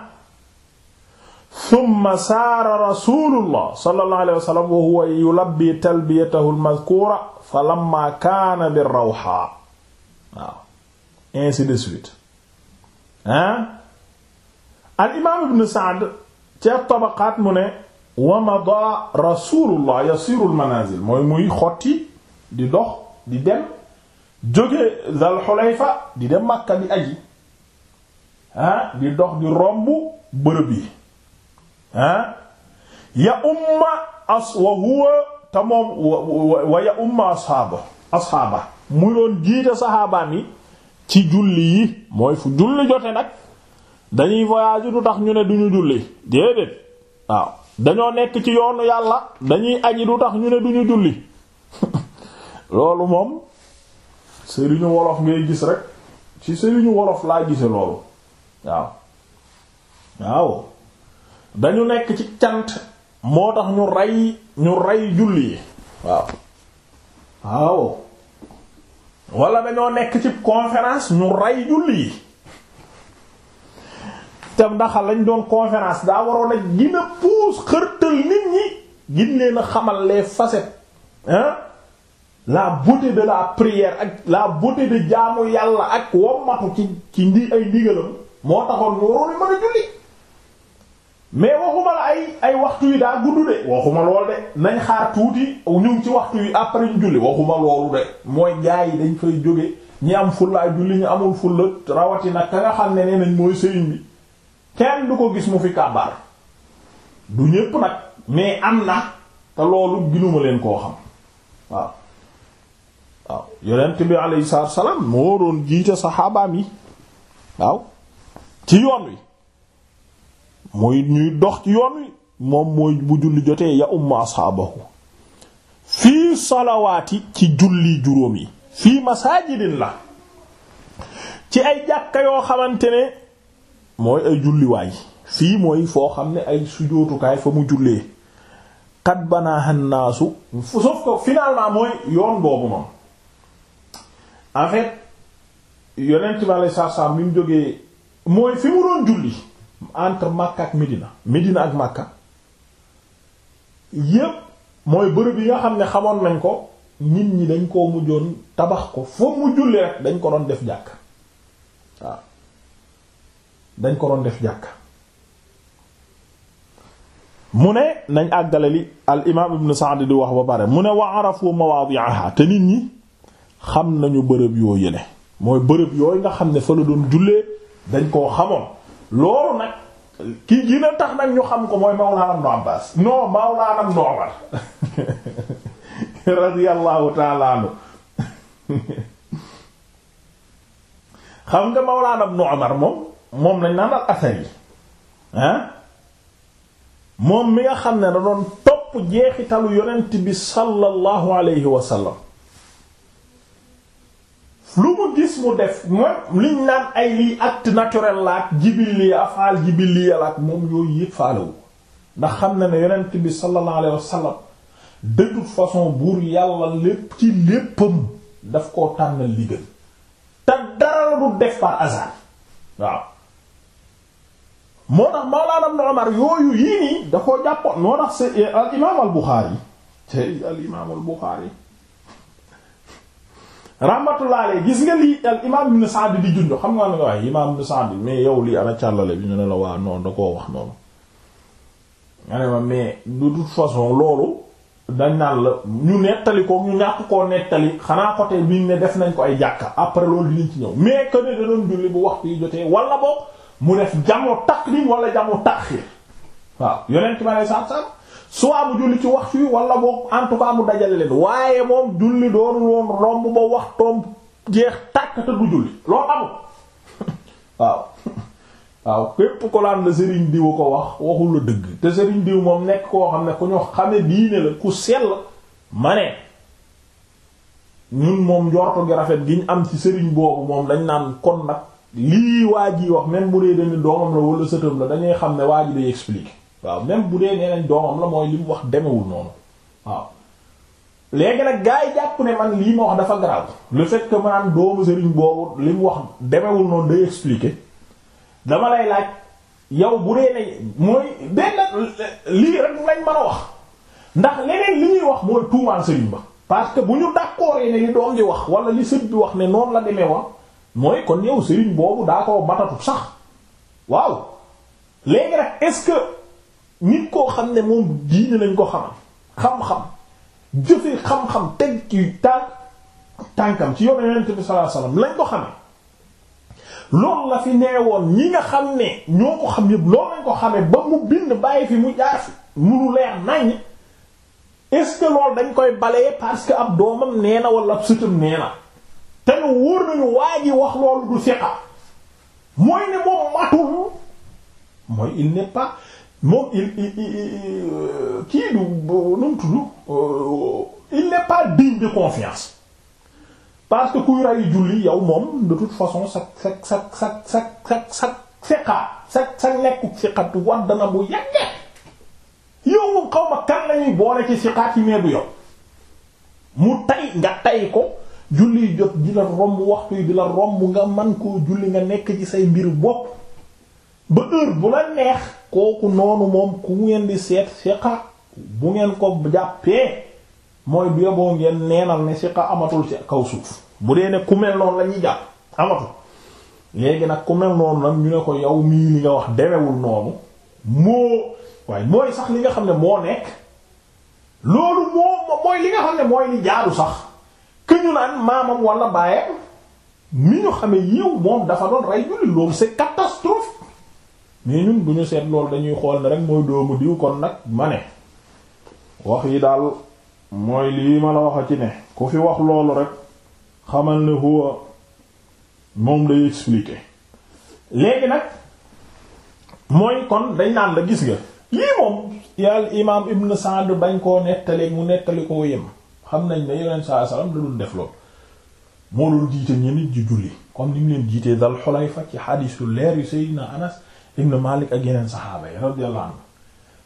summa saara rasulullah sallallahu alayhi wa sallam wa huwa yulabbi talbiyatahu almadhkura fa lamma kaana bi rawha waaw ainsi de suite ah al imaam ibn Sa'd ci tabaqaat mu ne wa mada rasulullah yasiru almanazil mooy muy xotti di dox di dem jóge Zal Hulayfa di dem Makka di aji ah di dox di romb bërëb yi ah ya umma as wa huwa te wa ya umma asxaaba asxaaba mu doon jiite saxaabaan yi ci julli yi mooy fu julli jote nag dañuy voyage du tax ñu ne duñu julli déedéet waaw dañoo nekk ci yoonu yàlla dañuy aji du tax ñu ne duñu julli loolu moom sëriñu wolof ngay gis rek ci sëriñu wolof laa gise loolu waaw waaw dañu nekk ci cant moo tax ñu rey ñu rey julli yi waaw waaw wala dañoo nekk ci conférence ñu rey julli yi te ndax lañ doon conférence daa waroon a gën a puus xërtal nit ñi gin leen a xamal les facettes hein la de la prière ak la beauté de jaamu yàlla ak wommatu ci ci ay ndigalam moo taxoon ñu waroon a mën a julli mais waxuma la ay ay waxtu yi daa gudd de waxuma lool de nañ xaar tuuti ñu ci waxtu yi après ñu julli waxuma loolu de mooy gaa yi dañ fay jóge ñi am fullaay julli ñu amul fulla rawatina ka nga xam ne nee nañ mooy sëriñ bi kenn du ko gis mu fi kàbbaar du ñépp nag mais am na te loolu ginuma leen koo xam waaw waaw yonent bi alayhi salaam moo doon jiite saxaabaam yi waaw ci yoon wi mooy ñuy dox ci yoon wi moom mooy bu julli jotee ya ummu asxaabahu fii salawaati ci julli juróom yi fii masaajidin la ci ay jàkka yoo xamante ne mooy ay julliwaay fii mooy foo xam ne ay sujootukaay fa mu jullee xat banaaxan naasu sauf que finalement mooy yoon boobu moom en fait yonent bi alei satu salaam mi jógee mooy fi mu doon julli entre Makka ak Medina Medina ak Makka yépp mooy bërëb yi nga xam ne xamoon nañ ko nit ñi dañ koo mujjoon tabax ko foo mu julli rek dañ ko doon def jàkk dañ ko def jàkk mu ne nañ àggale li al imaam ibn Sa'd di wax ba pare mu ne wa arafu mawaadi'aha te nit ñi xam nañu bërëb yoo yële mooy bërëb yooyu nga xam ne fa la doon jullee dañ koo xamoon loolu nag ki gën a tax nag ñu xam ko mooy Mawlaana Ibn Abbaas non Mawlaana Ibn Umar radiyallahu ta'ala xam nga Mawlaana Ibn Umar moom moom lañ naan al asari moom mi nga xam ne da doon topp jeexitalu yonent bi sallallahu alayhi wa lu mu gis mu def moom liñ naan ay lii acte naturel la ak jibilli afaal jibilli la ak moom yooyu yëpp faalewu ndax xam na ne yonent bi sallallahu alayhi wasallam façon buur yàlla lépp ci léppam daf koo tànnal li gën te dara du def par hasard waaw moo tax Mawlaana Ibn Umar yooyu yii nii da jàppoon moo tax c'est al imaam al Buxaari te rahmatullahi alayhi gis nga lii al imaam ibn Sa'd di junj xam nga ne nga waaye imaam ibn Sa'd mais yow lii a càllale bi ñu ne la waa noonu da koo wax noonu nga ne mais de toute naan la ñu nettali ko ñu ñàkk koo nettali xanaa côté biñ ne def nañ ko ay jàkka après loolu dinañ ci ñëw mais que ne da doon julli bu waxtu yi jotee wala boog mu def jamoo takrim wala jamoo taxir waaw yonent ma lay sàr sàr. soit mu julli ci waxtu yi wala boo en amul cas mu dajale leen waaye moom julli doonul woon romb ba waxtoom jeex tàkk te du julli loolu amul waaw waaw képp ko laan la Serigne Diw ko wax waxul la dëgg te sëriñ Diw moom nekk koo xam ne ku ñu xame diine la ku sell ma ne ñun moom njorto gi rafet gi ñu am ci Serigne boobu moom lañ naan kon nag lii waa ji wax men bu dee dañu doomam la wala sëtam la dañuy xam ne waa ji day expliquer waaw même bu dee nee doomam la mooy li wax demewul noonu waaw léegi nag gars yi jàpp ne man lii ma wax dafa grave le fait que maanaam doomu sëriñ boobu li mu wax demewul noonu day expliquer dama lay laaj yow bu dee ne mooy benn lii rek lañ mën a wax ndax leneen li ñuy wax mooy tuumaan sëriñ ba parce que bu ñu d'accord ne li doom di wax wala li sët bi wax ne noonu la demee wax mooy kon yow sëriñ boobu daa ko matatu sax waaw léegi nag nit koo xam ne moom diine lañ ko xamal xam-xam jëfe xam-xam teg ki tànk tànkam ci yoonu yonent bi sallallahu alayhi wasallam lañ ko xamee loolu la fi woon ñi nga xam ne ñoo ko xam yëpp loolu lañ ko xamee ba bind bàyyi fi mu munu leer nañ est-ce dañ koy bale parce que ab doomam nee na wala ab sëtam nee na te ñu wóor nañu waa ji wax loolu du siqa mooy ne moom matul mooy il n'est pas moom il euh, kii tudd euh, il n'est pas de confiance parce que kuy rayu julli yow moom de toute façon sa sa sa sa sa sa sa fiqa sa sa nekku fiqatu wadd na bu yàgge yow moom xaw ma kan lañuy boole ci xat yi mais du yow mu tay nga tay ko julli jot di la romb waxtu yi di romb nga man koo julli nga nekk ci say mbir bopp ba heure bu la neex kooku noonu moom ku ngeen di seet si siqa bu ngeen ko jàppee mooy bu ngeen neenal ne siqa amatul si kaw suuf bu dee ne ku mel noonu la ñuy jàpp amatul léegi nag ku mel noonu nag ne ko yow mii li nga wax demewul noonu moo waaye mooy sax li nga xam ne moo nekk loolu moo mooy li nga xam ne mooy li jaaru sax que ñu naan maamam wala baayam mi ñu xame yiw moom dafa doon rey julli loolu c'est catastrophe mais ñun bu ñu seet loolu dañuy xool ne rek mooy doomu diw kon nag ma ne wax yi daal mooy lii ma la waxa ci ne ku fi wax loolu rek xamal ne huwa moom day expliquer léegi nag mooy kon dañ naan la gis nga lii moom yàlla imaam Ibn Sa'd bañ koo nettali mu nettali koo yem xam nañ ne yeneen saa da doon def loolu moo doon jiite ñeneen ji julli comme ni mu leen jiitee dal Xulayfa ci xadiisu leer yu Seydina Anas ibn Malik ak yeneen saxaaba yi radiyallahu anhu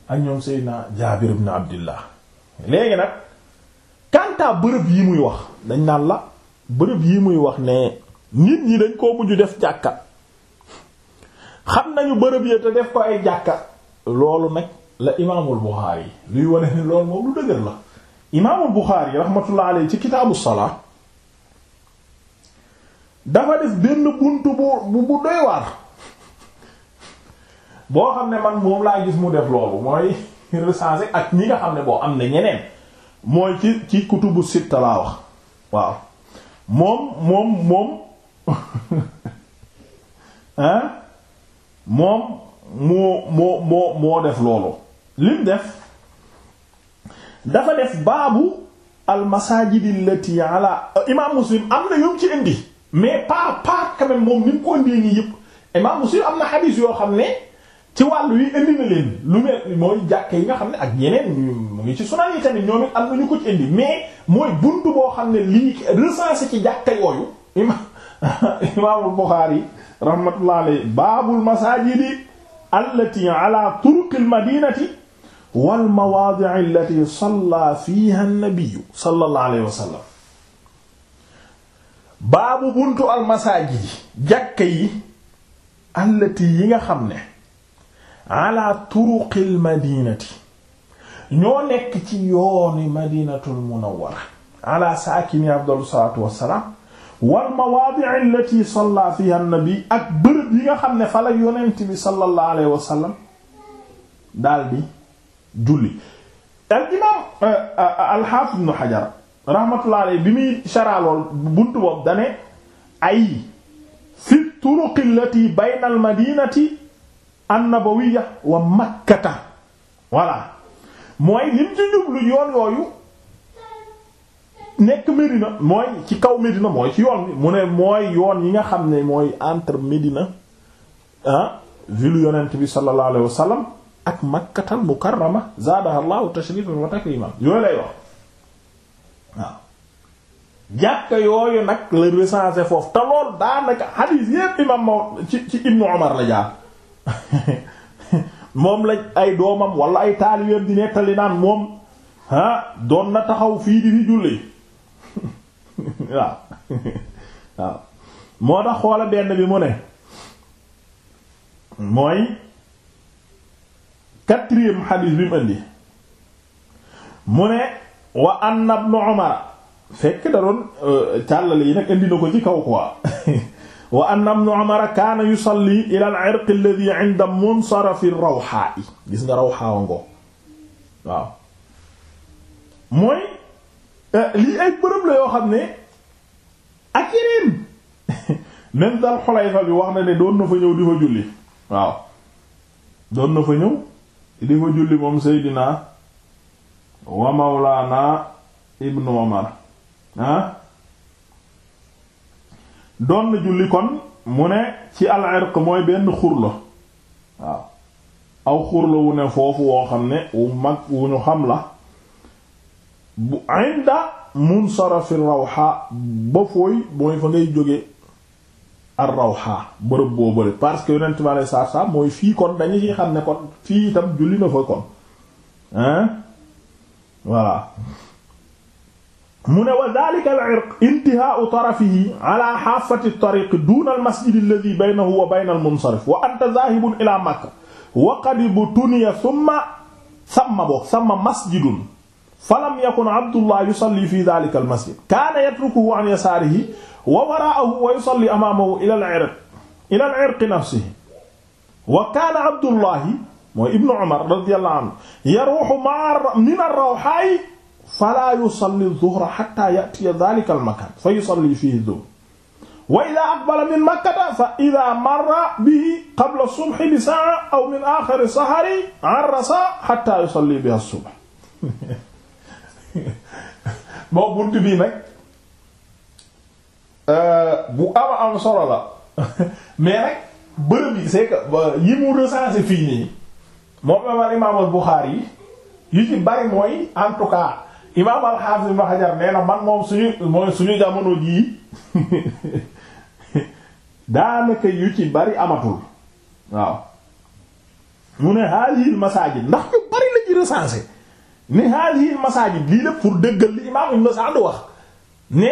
ak ñoom Seydina Jaabir ibn Abdillah léegi nag kantaa bërëb yi muy wax dañ naan la bërëb yi muy wax ne nit ñi dañ koo mujj def jàkka xam nañu bërëb yi te def ko ay jàkka loolu nag la imaamul Buxaari yi luy wane ne loolu moom lu dëgër la imaamul Buxaari yi rahmatullah ci kitaabu salaa dafa def benn buntu bu bu doy waar boo xam ne man moom laa gis mu def loolu mooy recensé ak ñi nga xam ne boo am na ñeneen mooy ci ci kutubu sitta laa wax waaw moom moom moom hein moom moo moo moo def loolu lim def dafa def baabu al masajid allati ala imam muslim am na yom ci indi mais par par quand moom ni mu ko indi nii yëpp imam muslim am na xadiis yoo xam ne ci wàllu yi indi na leen lu mel mooy jàkke yi nga xam ne ak yeneen mu ngi ci sunan yi tamit ñoom it am na ñu ko ci indi mais mooy buntu boo xam ne lii recensé ci jàkke yooyu ima imaamul Buxaari rahmatullah alayhi baabul masaajidi allati ala turuqil madinati wal mawaadi'i allati yi nga xam ne ala turuqil madinati ñoo nekk ci yooni madinatul munawwara ala saakini afdalu salaatu wassalaam wal mawaadi' allati salla fiha an-nabi ak bërëb yi nga xam ne fa la yonent bi sallallahu alayhi wa sallam daldi julli al imaam euh, euh, al-Hafiz ibn Hajar rahmatullahi alayhi bi muy saraalool buntu boobu dane ay fi turuqi allati bayna al madinati annabawiyya wa makkata voilà mooy lim ci jublu yoon yooyu nekk Medina mooy ci kaw Medina mooy ci yoon bi mu ne mooy yoon yi nga xam ne mooy entre Medina ah ville yonent bi sallallahu alayhi wa sallam ak makkatal mukarrama zaadaha Allahu lay wax waaw jàkka yooyu nag la recensé foofu te lool daanaka hadith yépp imam ci ci Ibnu Umar la jaar moom lañ ay doomam walla ay taalibeem di nettali naan moom ah doon na taxaw fii di fi julli waaw waaw moo tax xoola benn bi mu ne mooy quatrième xadiis bi mu indi mu ne wa anna ibn Umar fekk da euh, càllale yi nag indi na ko ci kaw quoi wa anna ibn Umar kaana yusalli ila al-irq alladhi 'inda munsarafi ar-rawha gis nga rawha ngo waaw mooy eh, lii ay bërëb la yoo xam ne ak yeneen même bi wax na ne doon na fa ñëw di fa julli waaw doon na fa ñëw di fa julli moom Seydina wa Mawlaana Ibnu Umar ah doon na julli kon mu ne ci al-irq mooy benn xur la waaw aw xur wu ne foofu woo xam ne wu mag wu ñu xam la bu inda munsaraf ar-rawha ba fooy mooy fa ngay jóge ar-rawha bërëb boo bëri parce que yonent bi alei saatu salaam mooy fii kon dañu ci xam ne kon fii itam julli na fa kon hein voilà mu ne wa dhalika al-irq intihaa'u tarafihi ala haafati at-tariq duuna al-masjid alladhi baynahu wa bayna al-munsarif wa anta zaahibun ila makka wa qad butuniya thumma thamma boog thamma masjidun falam yakun abdullah yusalli fi dhalika al-masjid kaana yatrukuhu an yasaarihi wa waraa'ahu wa yusalli amaamahu ila al-irq ila al-irq nafsihi wa kaana abdullah mooy ibnu umar radiyallahu anhu yaruuhu min ar-rawhaa'i fala yusalli zuhra hatta ya'tiya dhalika al-makan fa yusalli fihi zuhr wa idha aqbala min makkata fa idha marra bihi qabla as-subh bi sa'a aw min akhir as-sahari 'arrasa hatta yusalli biha as-subh boo buntu bii nag euh, bu ama am solo la mais nag bërëb yi c'est que euh, yi mu recensé fii nii moom imaam al-Bukhari yi yi ci bari mooy en tout cas imaam al-Hafiz Ibn Hajar na man moom suñu mooy suñu jamono jii daanaka yu ci bari amatul waaw mu ne haazihil masaajid ndax ñu bari la ci recensé ne haazihil masaajid lii la pour dëggal li imaam Ibn Sa'd wax ne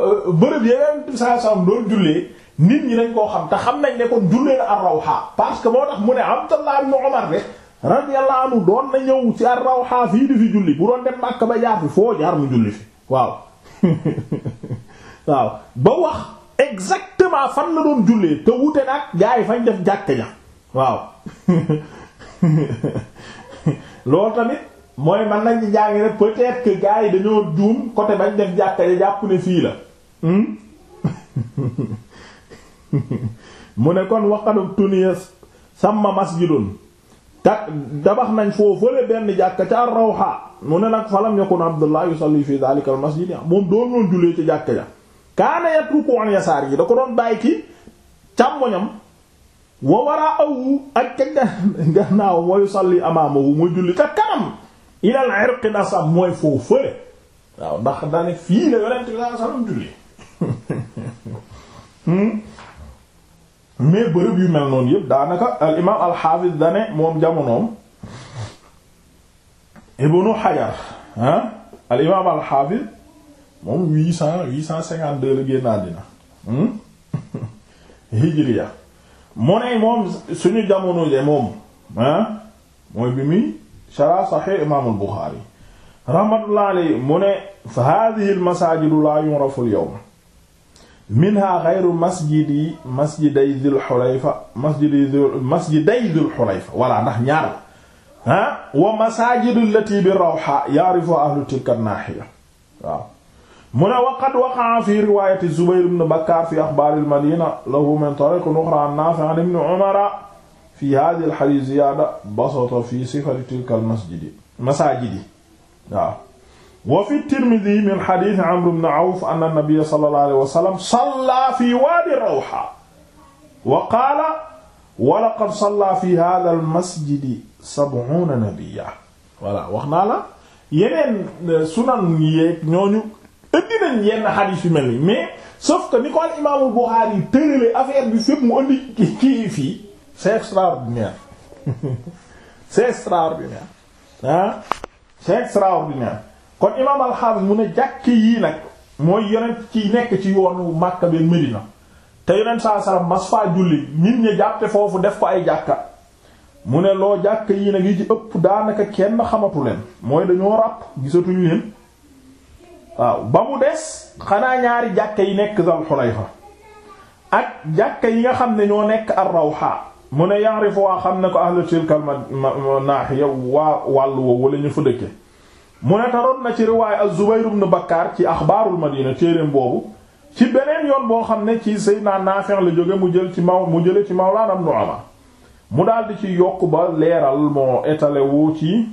euh, bërëb yeneen saa saa doon jullee nit ñi dañ koo xam te xam nañ ne kon jullee la ar-rawha parce que moo tax mu ne Abdallah ibn Umar de radiyallahu anhu doon na ñëw ci ar-Rawha fii di fi julli bu doon dem Makka ba jaar foo jaar mu julli fi waaw waaw ba wax exactement fan la doon jullee te wute nag gaa yi fañ def jàkk ja waaw loolu tamit mooy man nañu jàngi ne peut-être que gaa dañoo juum côté bañ def jàkk ja jàpp ne fii la hmm? mu ne kon waqadu tuniya sama masjidun ta dabax nañ foofu fële benn jàkka ca ar-Rawha mu ne nag falam yakun Abdullah yusalli fi dhalika al-masjid moom doon loon jullee ci jàkka ja kaana yatruku an yasaar yi da ko doon bàyyi ci càmmoñam wa wara'ahu ak ca gannaaw wa yusalli amaamahu mooy julli ca kanam ila al-irq nasab mooy foofu fële waaw ndax dane fii la yonent bi sallallahu alayhi wasallam julli hmm? mais bërëb yu mel noonu yëpp daanaka al imaam al xaafis dane moom jamonoom ibnu xajar ah, al imaam al xaafis moom huit cent huit cent cinquante deux la génn àddina hmm? hijriya mu ne moom suñu jamono de moom ah mooy bi muy shara saxiix imaamul buxaari rahmatullah mu ne fa masaajidu laa yurafu al yawm minha ghayru masjidi masjiday dhul hulayfa masjidi dhul masjiday dhul hulayfa walla ndax ñaar ah wa masajidu allati bi rawha ya'rifu ahlu tilka an-nahiya waaw mu ne waqad waqa'a fi riwayati zubayr ibn bakkar fi akhbar al-madina lahu min tariq ukhra an nafi' an ibn umara fi hadha al-hadith ziyada basata fi sifati tilka al-masjidi masajidi waaw wa fi tirmidi min xadiis amr ibn awf anna nabiyya sallallahu alayhi wa sallam salla fi waadi rawha wa qaala wa laqad salla fi haadha al masjidi sab'uuna nabiyya voilà wax naa la yeneen euh, sunan yeeg ñooñu indi nañ yenn xadiis yu mel ni mais sauf que ni ko al imaamul Buxaari yi tërale affaire bi fépp mu indi kii fii c'est extraordinaire c'est extraordinaire ah c'est extraordinaire kon imaam alxaafis mu ne jàkke yii nag mooy yonent ci nekk ci yoonu Makka bi Medina te yonent saa salaam mas faa julli nit ñi jàppe foofu def ko ay jàkka mu ne loo jàkk yii nag yi ci ëpp daanaka kenn xamatu mooy dañoo ràpp gisatuñu leen waaw ba mu des xanaa ñaari jàkk yi nekk Zal Xulayfa ak jàkk yi nga xam ne ñoo nekk ar-Rawha mu ne ya'rifu waa xam ne ko ahlu tilka naahiya waa wàll woowu la ñu dëkke mu ne taroon na ci riwaaya az bakkaar ibn Bakkar ci axbaarul Madina téereem boobu ci beneen yoon boo xam ne ci Seydina Naafi' la jóge mu jël ci maw mu jële ci Mawlaana Ibn Umar mu daldi ci yokk ba leeral moo étalé wu ci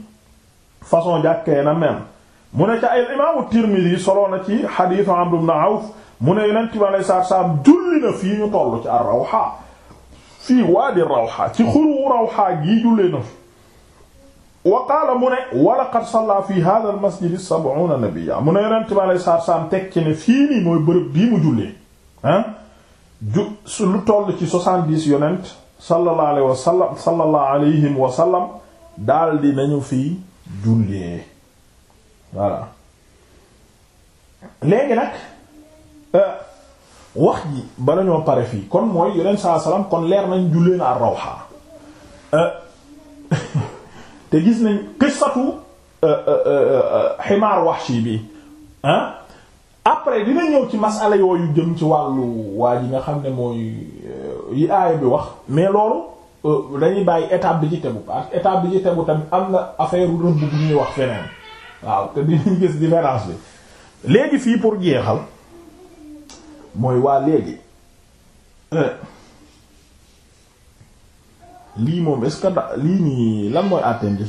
façon jàkkee na même mu ne ca ay imaamu Tirmidi soloo na ci xadiisu Amr ibn Awf mu ne Yonent bi alayhi salaatu salaam julli na fii ñu toll ci ar fii waadi ar-Rawha ci xuru Rawha gi jullee na fi wa qaala mu ne walaqad salla fi hadha masjid sab'una nabiyya mu ne yonent bi alayhi salaatu salaam teg ci ne fii nii mooy bërëb bii mu jullee ah ju lu toll ci soixante-dix yonent sallallahu alayhi wa sallam sallallahu alayhim di nañu fii jullee voilà léegi nag euh, wax ji bala ñoo pare fii kon mooy yonent sallallahu alayhi kon leer nañ jullee na ar-rawha euh, te gis nañ qissatu euh, euh, euh, ximaar wahshi bi ah après dina ñëw ci masala yooyu jëm ci wàllu waa ji nga xam ne mooy yi aaya bi wax mais loolu dañuy bàyyi étape bi ci tegu parce que bi ci tegu tamit am na affaire rëbb bu ñuy wax feneen waaw te dinañ gis différence bi léegi fii pour jeexal mooy waa léegi lii moom est lii nii lan mooy àtteem ci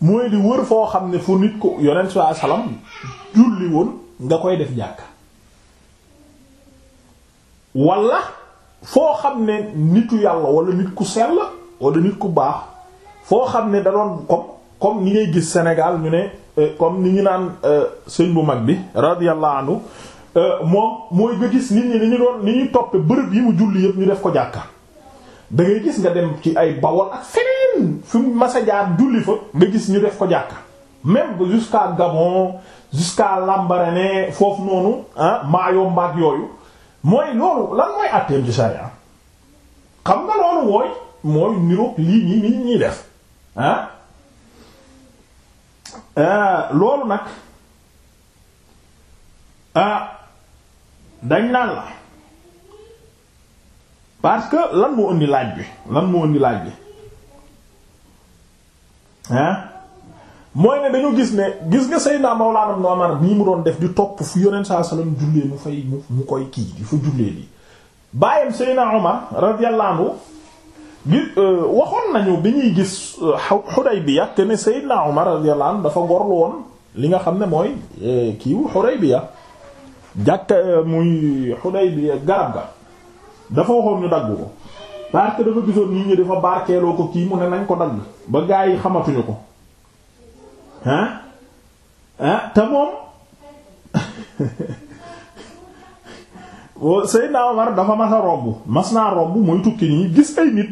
mooy di wër foo xam ne fu nit ko yonent saa salaam julli woon nga koy def jàkk wala foo xam ne nitu yàlla wala nit ku sell wala nit ku baax foo xam ne da doon comme comme ni ngay gis senegal ñu ne euh, comme ni ñu naan euh, sëñ bu mag bi radiyallahu anhu euh, moom mooy nga gis nit ñi ni ñu doon ni ñuy toppe bërëb yi mu julli yëpp ñu def ko jàkka dangay gis nga dem ci ay Bawol ak feneen fi mu julli fa nga gis ñu def ko jàkka même ba jusqu'à Gabon jusqu'à Lambaréné foofu noonu ah Mayomba yooyu mooy loolu lan mooy àtteem ci sharia xam nga loolu mooy mooy niroog lii ñi nii ñuy def ah, ah loolu nag ah, dañ naan la parce que lan mu indi laaj bi lan moo indi laaj bi mooy ne dañu gis ne gis nga Seydina Mawlana Ibn Umar nii mu doon def di topp fu yonent saa salaam jullee mu fay mu koy kii di fa jullee bi bàyyam Seydina Umar radiyallahu gi euh, waxoon nañu bi ñuy gis euh, Hudaybiya te ne Seydina Umar radiyallahu anhu dafa gorlu woon li nga xam ne mooy euh, kiiwu Hudaybiya jàkk muy Hudaybiya garab ga dafa waxoon ñu dagg ko parce dafa gisoon nit ñi dafa barkeeloo ko kii mu ne nañ ko dagg ba gaa yi xamatuñu ko ah te moom Seydina Omar dafa mas a robb mas naa robb muy tukki nii gis ay nit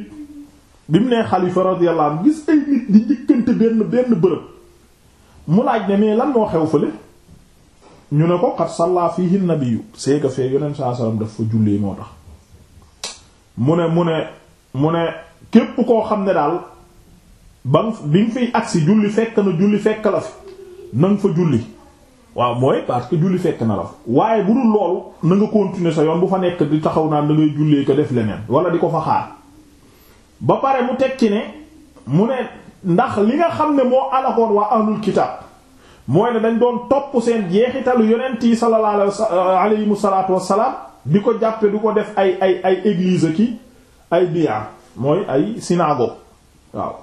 bi mu nee xalifa radiyallahu anhu gis ay nit di njëkkante benn benn bërëb mu laaj ne mais lan moo xew fële ñu ne ko xat salla fihi nabiyyu seega fee yonent sallallahu alayhi wasallam fa jullee moo tax mu ne mu ne mu ne képp koo xam ne daal ba nga bi nga fiy agsi julli fekk na julli fekk la fi na nga fa julli waaw mooy parce que julli fekk na la fa waaye bu dul loolu na nga continuer sa yoon bu fa nekk di taxaw naan da ngay ko def leneen wala di ko fa xaar ba pare mu teg ci ne mu ne ndax li nga xam ne moo alakoon waa ahlul kitaab mooy ne dañ doon topp seen jeexitalu yonent yi sallallahu alayhi wa salatu wasalaam di ko jàppee du ko def ay ay ay église ki ay biya mooy ay synagogue waaw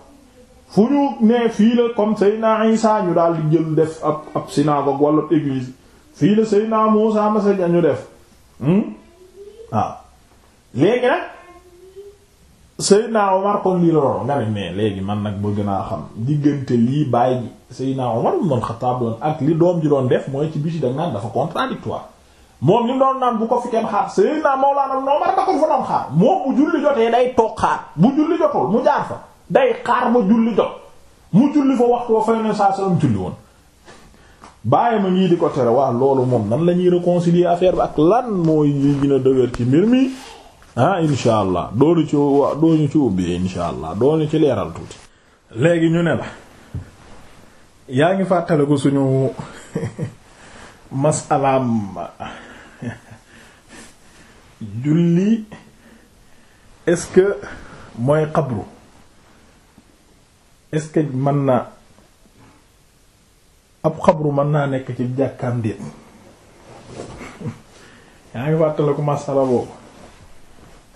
fu ñu ne fii la comme naa Seydina Isa ñu daal di jël def ab ab synagogue wala église fii la Seydina Muusa masaja ñu def hmm? waaw léegi nag Seydina Omar kon lii la doon nga ne mais léegi man nag bëgg naa xam diggante lii bàyyi ji Seydina Omar mu doon Xattaab doon ak li doom ji doon def mooy ci bisi dag naan dafa contradictoire moom ñu doon naan bu ko fi kenn xaar Seydina Mawlana Omar da ko fa doon xaar moom bu julli jotee day toog xaar bu julli jotul mu jaar fa day xaar ba julli jot mu julli fa waxtu wa fa Yonent saa sallam julli woon bàyyi ma ñii di ko tere waaw loolu moom nan la ñuy réconcilier affaire bi ak lan mooy ñuy gën dëgër ci mbir mi ah insha allah doonu ci wa dooñu ci ubbi insha allah doonu ci leeral tuuti léegi ñu ne la yaa ngi fàttale ko suñu masalaam julli est-ce que mooy xabru est-ce que mën na ab xabru mën naa nekk ci jàkkaam déet yaa ngi fàttaliku masala boobu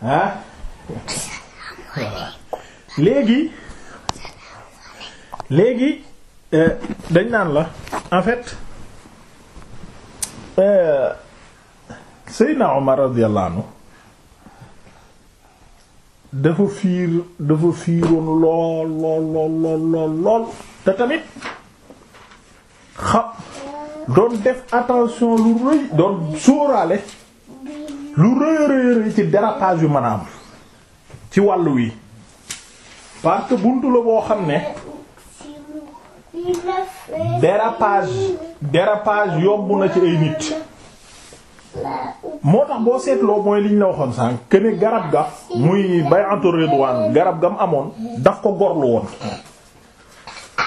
ah léegi léegi euh, dañ naan la en fait. Euh, Seydina Omar radiyallahu anhu dafa fiir dafa fiiroon lool lool lool lool te tamit xam doon def attention lu rëy doon sóoraale lu rëy rëy rëy ci dérapage yu maanaam ci wàllu wi parce que la boo xam ne dérapage dérapage yomb na ci ay nit moo tax boo seetloo mooy liñ la waxoon sànq que garab ga muy bay'atu ridwaan garab gam amoon daf ko gorlu woon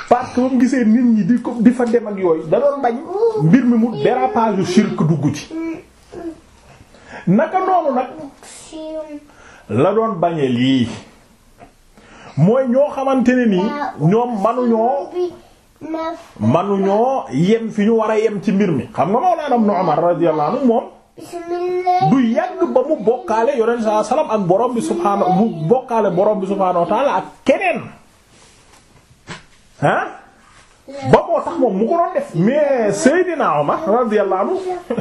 parce que ba mu gisee nit ñi di ko di fa dem ak yooyu da doon bañ mbir mi mu dérapage yu cirque dugg ci naka noonu nag la doon bañee lii mooy ñoo xamante ne nii ñoom manuñoo manuñoo yem fi ñu war a yem ci mbir mi xam nga Mawlana Ibn Umar radiyallahu anhu moom du yàgg ba mu bokkaale yonent sa salaam ak borom bi subhaanahu mu bokkaale borom bi subhaanahu wa ta'ala ak keneen ah ba moo tax moom mu ko doon def mais Seydina Omar radiyallahu anhu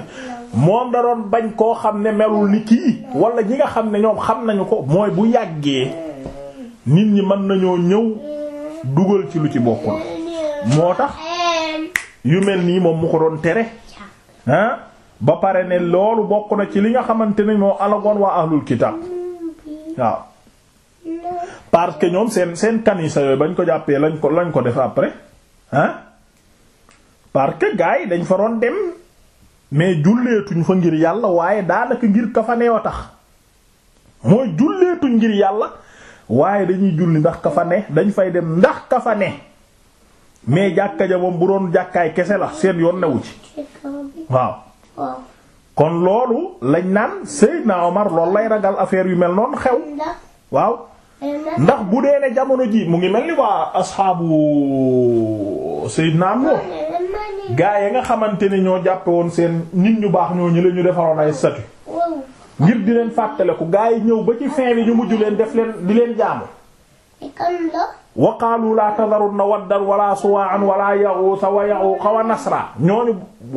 moom da doon bañ koo xam ne melul ni kii wala ñi nga xam ne ñoom xam nañu ko mooy bu yàggee nit ñi mën nañoo ñëw dugal ci lu ci bokkul moo tax yu mel nii moom mu ko doon tere ah ba pare ne loolu bokk na ci li nga xamante ne moo alagoon waa ahlul kitab waaw parce ñoom seen seen kanisa yooyu bañ ko jàppee lañ ko lañ ko def après ah parce que dañ fa doon dem mais julleetuñ fa ngir yàlla waaye daanaka ngir ka fa neew a tax mooy julleetuñ ngir yàlla waaye dañuy julli ndax ka fa ne dañ fay dem ndax ka fa ne mais jàkka ja moom bu doon jàkkaay kese la seen yoon newu ci waaw kon loolu lañ naan Seydina Omar loolu lay ragal affaire yu mel noonu xew waaw ndax bu dee ne jamono ji mu ngi mel ni waa asxaabu Seydina am woon gaa yi nga xamante ni ñoo jàppe woon seen nit ñu baax ñoo ñu la ñu defaroon ay statut ngir di leen fàttaliku gaa yi ñëw ba ci fin bi ñu mujj leen def leen di leen jaamu wa qaalu laa tadharunna waddan wala suwaa'an wala yaghutha wa ya'uqa wa nasra ñooñu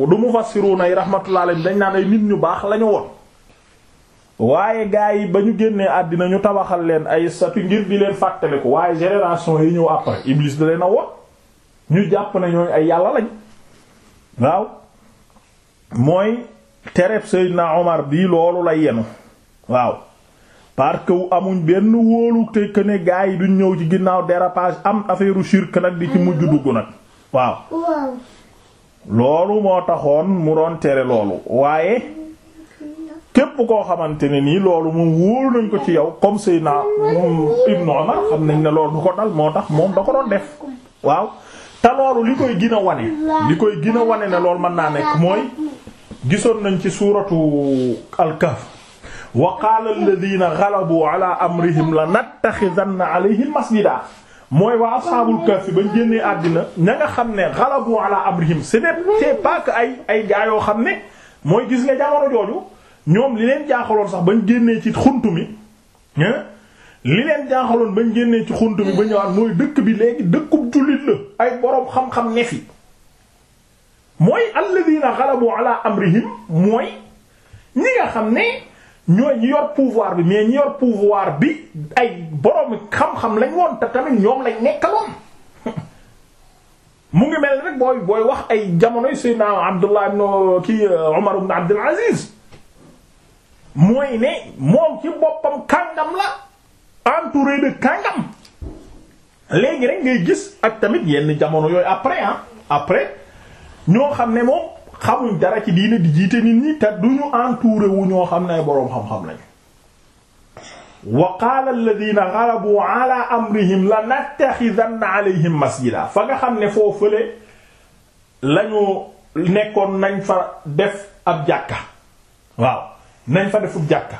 du mufassiruuna yi rahmatullahi alayhim dañ naan ay nit ñu baax lañu woon waaye gars yi ba ñu génnee àddina ñu tabaxal leen ay satu ngir di leen fàttaliku waaye génération yi ñëw après Iblis da leen a won ñu jàpp ne ñooñu ay yàlla lañ waaw mooy tereb Seydina Omar bii loolu lay yenu waaw parce que amuñ benn wóolu te que ne gars yi duñ ñëw ci ginnaaw dérapage am affaire shirk nag di ci mujj duggu nag waaw. loolu moo taxoon mu doon tere loolu waaye képp koo xamante ne nii loolu moom wóolu nañ ko ci yow comme Seydina Ibnu Umar xam nañ ne loolu du ko dal moo tax moom da ko doon def waaw te loolu li koy gën wane li koy gën wane ne loolu mën naa nekk mooy gisoon nañ ci suuratu al wa qaala alladina galabu ala amrihim la nattaxidanna alayhim masjida mooy waa asxaabul kahf bañ génnee àddina ña nga xam ne galabu ala amrihim ce n'est pas que ay ay gaa yoo xam ne mooy gis nga jamono jooju ñoom li leen jaaxaloon sax bañ génnee ci xuntu mi li leen jaaxaloon bañ génnee ci xuntu mi ba ñëwaat mooy dëkk bi léegi dëkku jullit la ay boroom xam-xam ne fi mooy alladina galabu ala amrihim mooy ñi nga xam ne ñooy ñi yor pouvoir bi mais ñi yor pouvoir bi ay boroomi xam-xam lañ woon ta tamit ñoom lañ nekkaloon mu ngi mel rek booy booy wax ay jamonoy Seydina Abdullah ibn kii uh, Umar ibn Abdul Aziz mooy ne moom ci boppam kàngam la entouré de kàngam léegi rek ngay gis ak tamit yenn jamono yooyu après après ñoo xam ne moom. xamuñ dara ci diine di jiite nit ñi te duñu entouré wu ñoo xam ne ay boroom xam-xam lañu wa qaala alladina galabu ala amrihim la nattaxidanna alayhim masjida fa nga xam ne foo fële lañu nekkoon nañ fa def ak jàkka waaw nañ fa def jàkka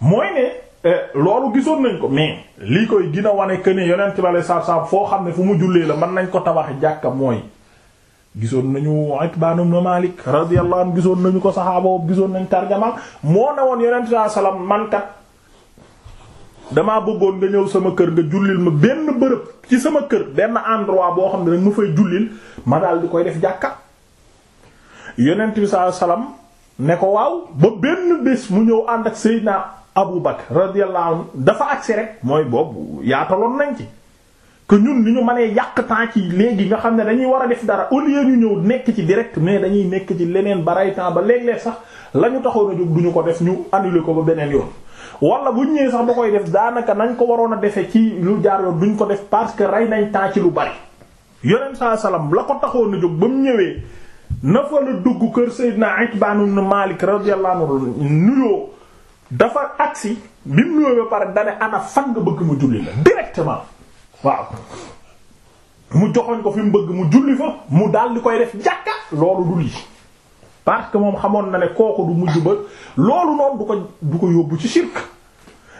mooy ne eh, loolu gisoon nañ ko mais lii koy gën a wane que ne yonent bi alei satu salaam foo xam ne fu mu jullee la mën nañ ko tabax jàkka mooy gisoon nañu Itbaan ibn Maalik radiyallahu anhu gisoon nañu ko saxaaba wob gisoon nañu tarjama moo ne woon yonent saa salaam man kat damaa bëggoon nga ñëw sama kër nga jullil ma benn bërëb ci sama kër benn endroit boo xam ne nag ma fay jullil ma daal di koy def jàkka yonent bi salaam ne ko waaw ba benn bés mu ñëw ànd ak Seydina Abu Bakr radiyallahu anhu dafa agsi rek mooy boobu yaataloon nañ ci que ñun ni ñu mënee yàq temps yi léegi nga xam ne dañuy war a def dara au lieu ñu ñëw nekk ci direct mais dañuy nekk ci leneen baray temps ba léeg-léeg sax la ñu taxoon a jóg du ko def ñu annuler ko ba beneen yoon. wala bu ñëwee sax ba koy def daanaka nañ ko waroon a defee ci lu jaar yoon duñ ko def parce que rey nañ temps ci lu bari yonent saa salaam la ko taxoon a jóg ba mu ñëwee na fa la dugg kër Seydina Itbaan ibn Maalik radiyallahu anhu nuyoo dafa agsi bi mu nuyoo ba pare ana fan nga bëgg mu julli la directement. waaw mu joxoñ ko fi mbëgg mu julli fa mu daal di koy def jàkka loolu du lii parce que moom xamoon na ne kooku du mujj ba loolu noonu du ko du ko yóbbu ci sirk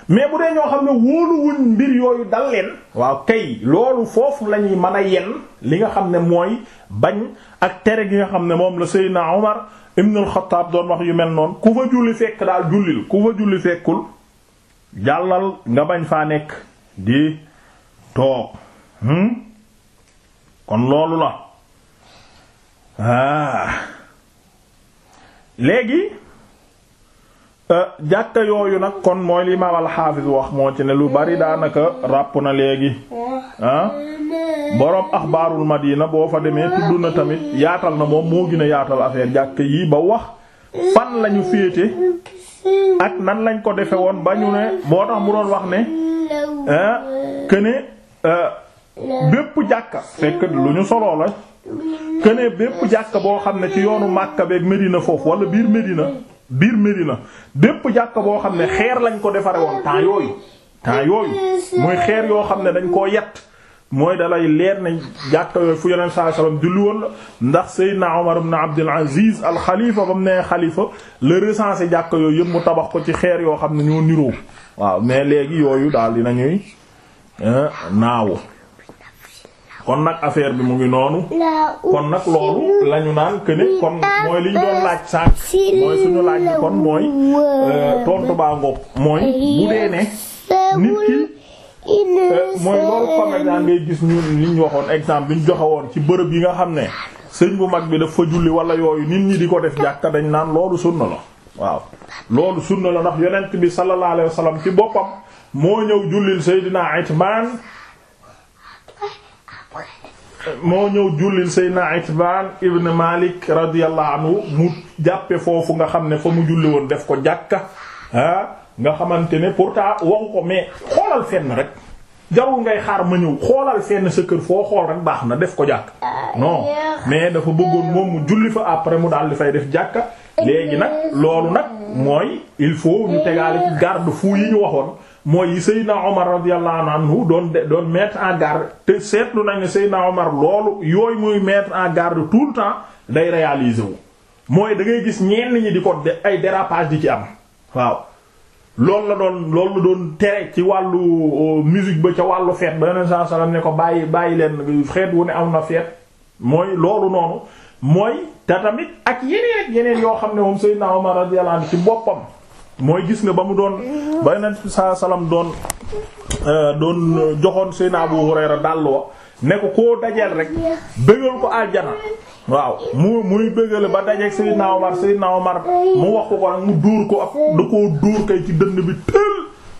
mais bu dee ñoo xam ne wóoluwuñ mbir yooyu dal leen waaw kay loolu foofu lañuy ñuy mën a yenn li nga xam ne mooy bañ ak tere gi nga xam ne moom la Seydina Omar ibn al-Khattab doon wax yu mel noon ku fa julli fekk daal jullil ku fa julli fekkul jàllal nga bañ faa nekk di toog hmm? kon loolu la ah. léegi euh, jàkka yooyu nag kon mooy li imaam alxaafis wax moo ci ne lu bari daanaka ràpp na léegi ah boroom axbaarul madina boo fa demee tudd na tamit yaatal na moom moo gën a yaatal affaire jàkka yi ba wax fan lañu féete ak nan lañ ko defe woon ba ñu ne moo tax mu doon wax ne këne ah, Euh, bépp jàkka fekk lu ñu soloo la kënee bépp jàkka boo xam ne ci yoonu Makka beek Medina foofu wala biir Medina biir Medina bépp jàkka boo xam ne xeer lañ ko defaree woon temps yooyu temps yooyu muy xeer yoo xam ne dañ koo yett mooy dalay leer ne jàkka yooyu fu yonent sallallahu alayhi wasallam julli woon la ndax Seydina Omar ibn Abdul Aziz al xalifa ba ne xalifa le recensé jàkka yooyu yëpp mu tabax ko ci xeer yoo xam ne ñoo niroo waaw mais léegi yooyu daal dina ñuy Eh, naaw kon nag affaire bi mu ngi noonu kon nag loolu lañu naan këne kon mooy li doon laaj sànq mooy suñu laaj bi kon mooy eh, tontu baa ngoog mooy bu ne nit ki eh, mooy loolu commerçant ngay gis ñu li ñu waxoon exemple bi ñu joxe woon ci bërëb yi nga xam ne sëñ bu mag bi dafa julli wala yooyu nit ñi di ko def jàkka dañ naan loolu sunna la waaw loolu sunna la ndax yonent bi sallallahu alayhi ci boppam moo ñëw jullil Seydina Itbaan moo ñëw jullil Seydina Itbaan ibn Malik radiyallahu anhu mu jàppe foofu nga xam ne fa mu julli woon def ko jàkka nga xamante ne pourtant waxu ko mais xoolal fenn rek jarul ngay xaar ma ñëw xoolal fenn sa kër foo xool rek baax na def ko jàkk no mais dafa bëggoon moom mu julli fa après mu daal di fay def jàkka léegi nag loolu nag mooy il faut ñu tegaale ci garde-fou yi ñu waxoon mooy Seydina Omar radiyallahu anhu doon doon mettre en garde te seetlu nañ ne Seydina Omar loolu yooyu muy mettre en garde tout le temps day réaliser wu mooy da ngay gis ñenn ñi di ko ay dérapage di ci am waaw loolu la doon loolu la doon tere ci wàllu euh, musique ba ca wàllu feet ba yeneen saa salaam ne ko bàyyi bàyyi leen xeet wu ne am na feet mooy loolu noonu mooy te tamit ak yeneen ak yeneen yoo xam ne moom Seydina Omar radiyallahu anhu ci boppam. mooy gis ne ba mu doon ba yonent sa saa salaam doon euh, doon joxoon seen Abu Hurayra dàll wa ne ko koo dajeel rek bëggal ko aljana waaw mu muy bëggale ba dajeeg Seydina Omar Seydina Omar mu wax ko ko mu ko ak da ci dënn bi tël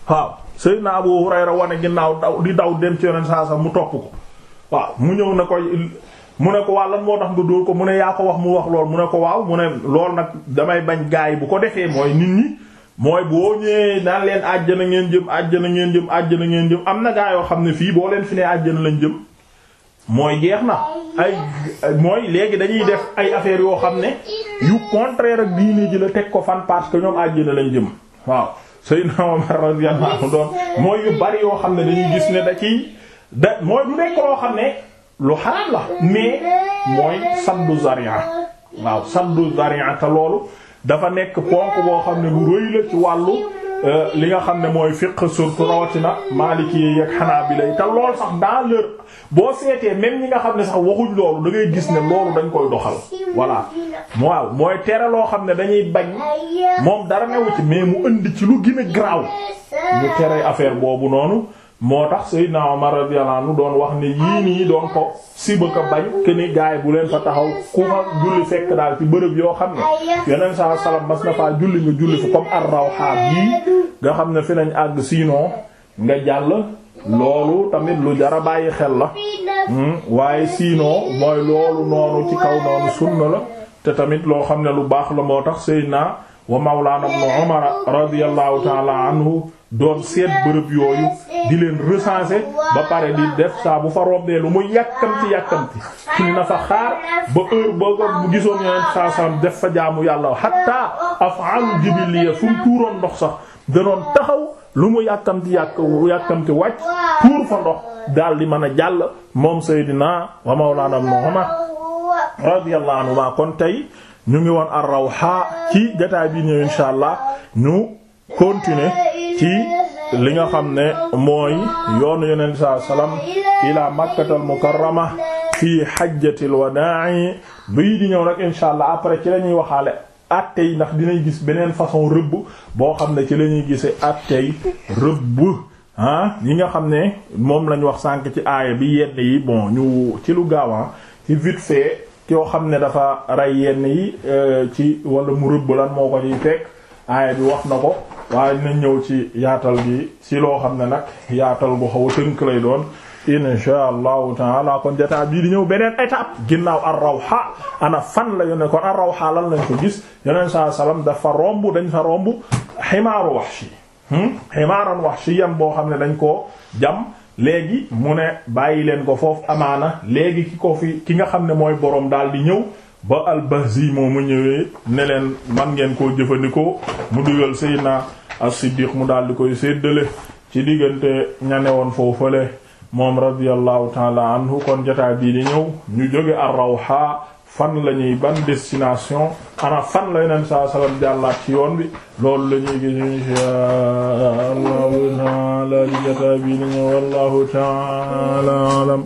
waaw Seydina Abu Hurayra wane ginnaaw daw di daw dem ci yonent saa salaam mu topp ko waaw mu ñëw na ko mu ne ko waaw lan moo tax nga dóor ko mu ne yaa ko wax mu wax lool mu ne ko waaw mu ne lool nag damay bañ gaay bu ko defee mooy nit ñi mooy boo ñëwee naan leen àjjana ngeen jëm àjjana ngeen jëm àjjana ngeen jëm am na gaa yoo xam ne fii boo leen fi ne àjjana lañ jëm mooy geex na ay mooy léegi dañuy def ay affaires yoo xam ne yu contraire ak diine ji la teg ko fan parce que ñoom àjjana lañ jëm waaw Seydina Omar radiyallahu anhu doon mooy yu bari yoo xam ne dañuy gis ne da ciy da mooy du nekk loo xam ne lu xaraam la mais mooy saddu zaria waaw saddu zaria te loolu dafa nekk ponk boo xam ne lu rëy la ci wàllu euh, li nga xam ne mooy fiqh surtout rawatina maliki yi ak hanabila yi te lool sax dans leur boo seetee même ñi nga xam ne sax waxuñ loolu da ngay gis ne loolu dañ koy doxal voilà waaw mooy tere loo xam ne dañuy bañ moom dara newu ci mais mu indi ci lu gën a garaaw ñu tere affaire boobu noonu moo tax Seydina Omar ma anhu doon wax ne yii nii doon ko sibaka bañ ke ni gaay bu leen fa taxaw ku ma julli fekk daal ci bërëb yoo xam ne yeneen saa salaam mas na faa julli nga julli fa comme ar-rawha bii nga xam ne fi nañ àgg sinon nga jàll loolu tamit lu jara bàyyi xel la hmm, waaye sinon mooy loolu noonu ci kaw noonu sunna la te tamit loo xam ne lu baax la moo tax Seydina wa mawlaana ibn Umar radiyallahu ta'ala anhu doon seet bërëb yooyu di leen recenser ba pare di def saa bu fa rombee lu mu yàkkamti yàkkamti ci na fa xaar ba heure booba bu gisoon yonent saa def fa jaamu yàlla hatta af'alu jibiliya fu mu tuuroon ndox sax danoon taxaw lu mu yàkkamti yàkk yàkkamti wàcc tuur fa ndox daal di mën a jàll moom Seydina wa Mawlana Muhammad radiyallahu anhu kon tey ñu ngi woon ar-Rawha ci jotaay bi ñëw insha ñu continuer ci li nga xam ne mooy yoonu yonent saa salaam ila makkatal mukarrama fii hajjatil wadaa'i bii di ñëw nag insha allah après ci la ñuy waxaale atte ndax dinay gis beneen façon rëbb boo xam ne ci la ñuy gisee atte yi rëbb ah yi nga xam ne moom lañ wax sànk ci aaya bi yenn yi bon ñu ci lu gaawan ah, ci vite fait yoo xam ne dafa rey yenn yi euh, ci walla mu rëbb lan moo ko ciy fekk aaya bi wax na ko waaye dinañ ñëw ci yaatal gi si loo xam ne nag yaatal gu xaw tënk lay doon insha allahu taala kon jataa bii di ñëw beneen étape ginnaaw ar-rawha ana fan la yone kon raw rawha lan lañ ko gis yoneen sa salaam dafa romb dañ fa romb ximaaru wahshi hmm? ximaaran wahshiyan boo xam ne dañ koo jam léegi mu ne bàyyi leen ko foofu amaana léegi ki ko fi ki nga xam ne mooy boroom daal di ñëw ba al-Bahzi moo mu ñëwee ne leen man ngeen koo jëfandikoo mu digal Seydina as-Siddiq mu daal di koy séddale ci diggante ñane woon foofale moom radiyallahu taala anhu kon jotaay bii di ñëw ñu jóge ar-Rawha fan la ñuy ban destination ana fan la yeneen saa salaam jàllaat ci yoon bi loolu la gis inshaa Allahu taala li jotaay bii di ñëw wallahu taala alam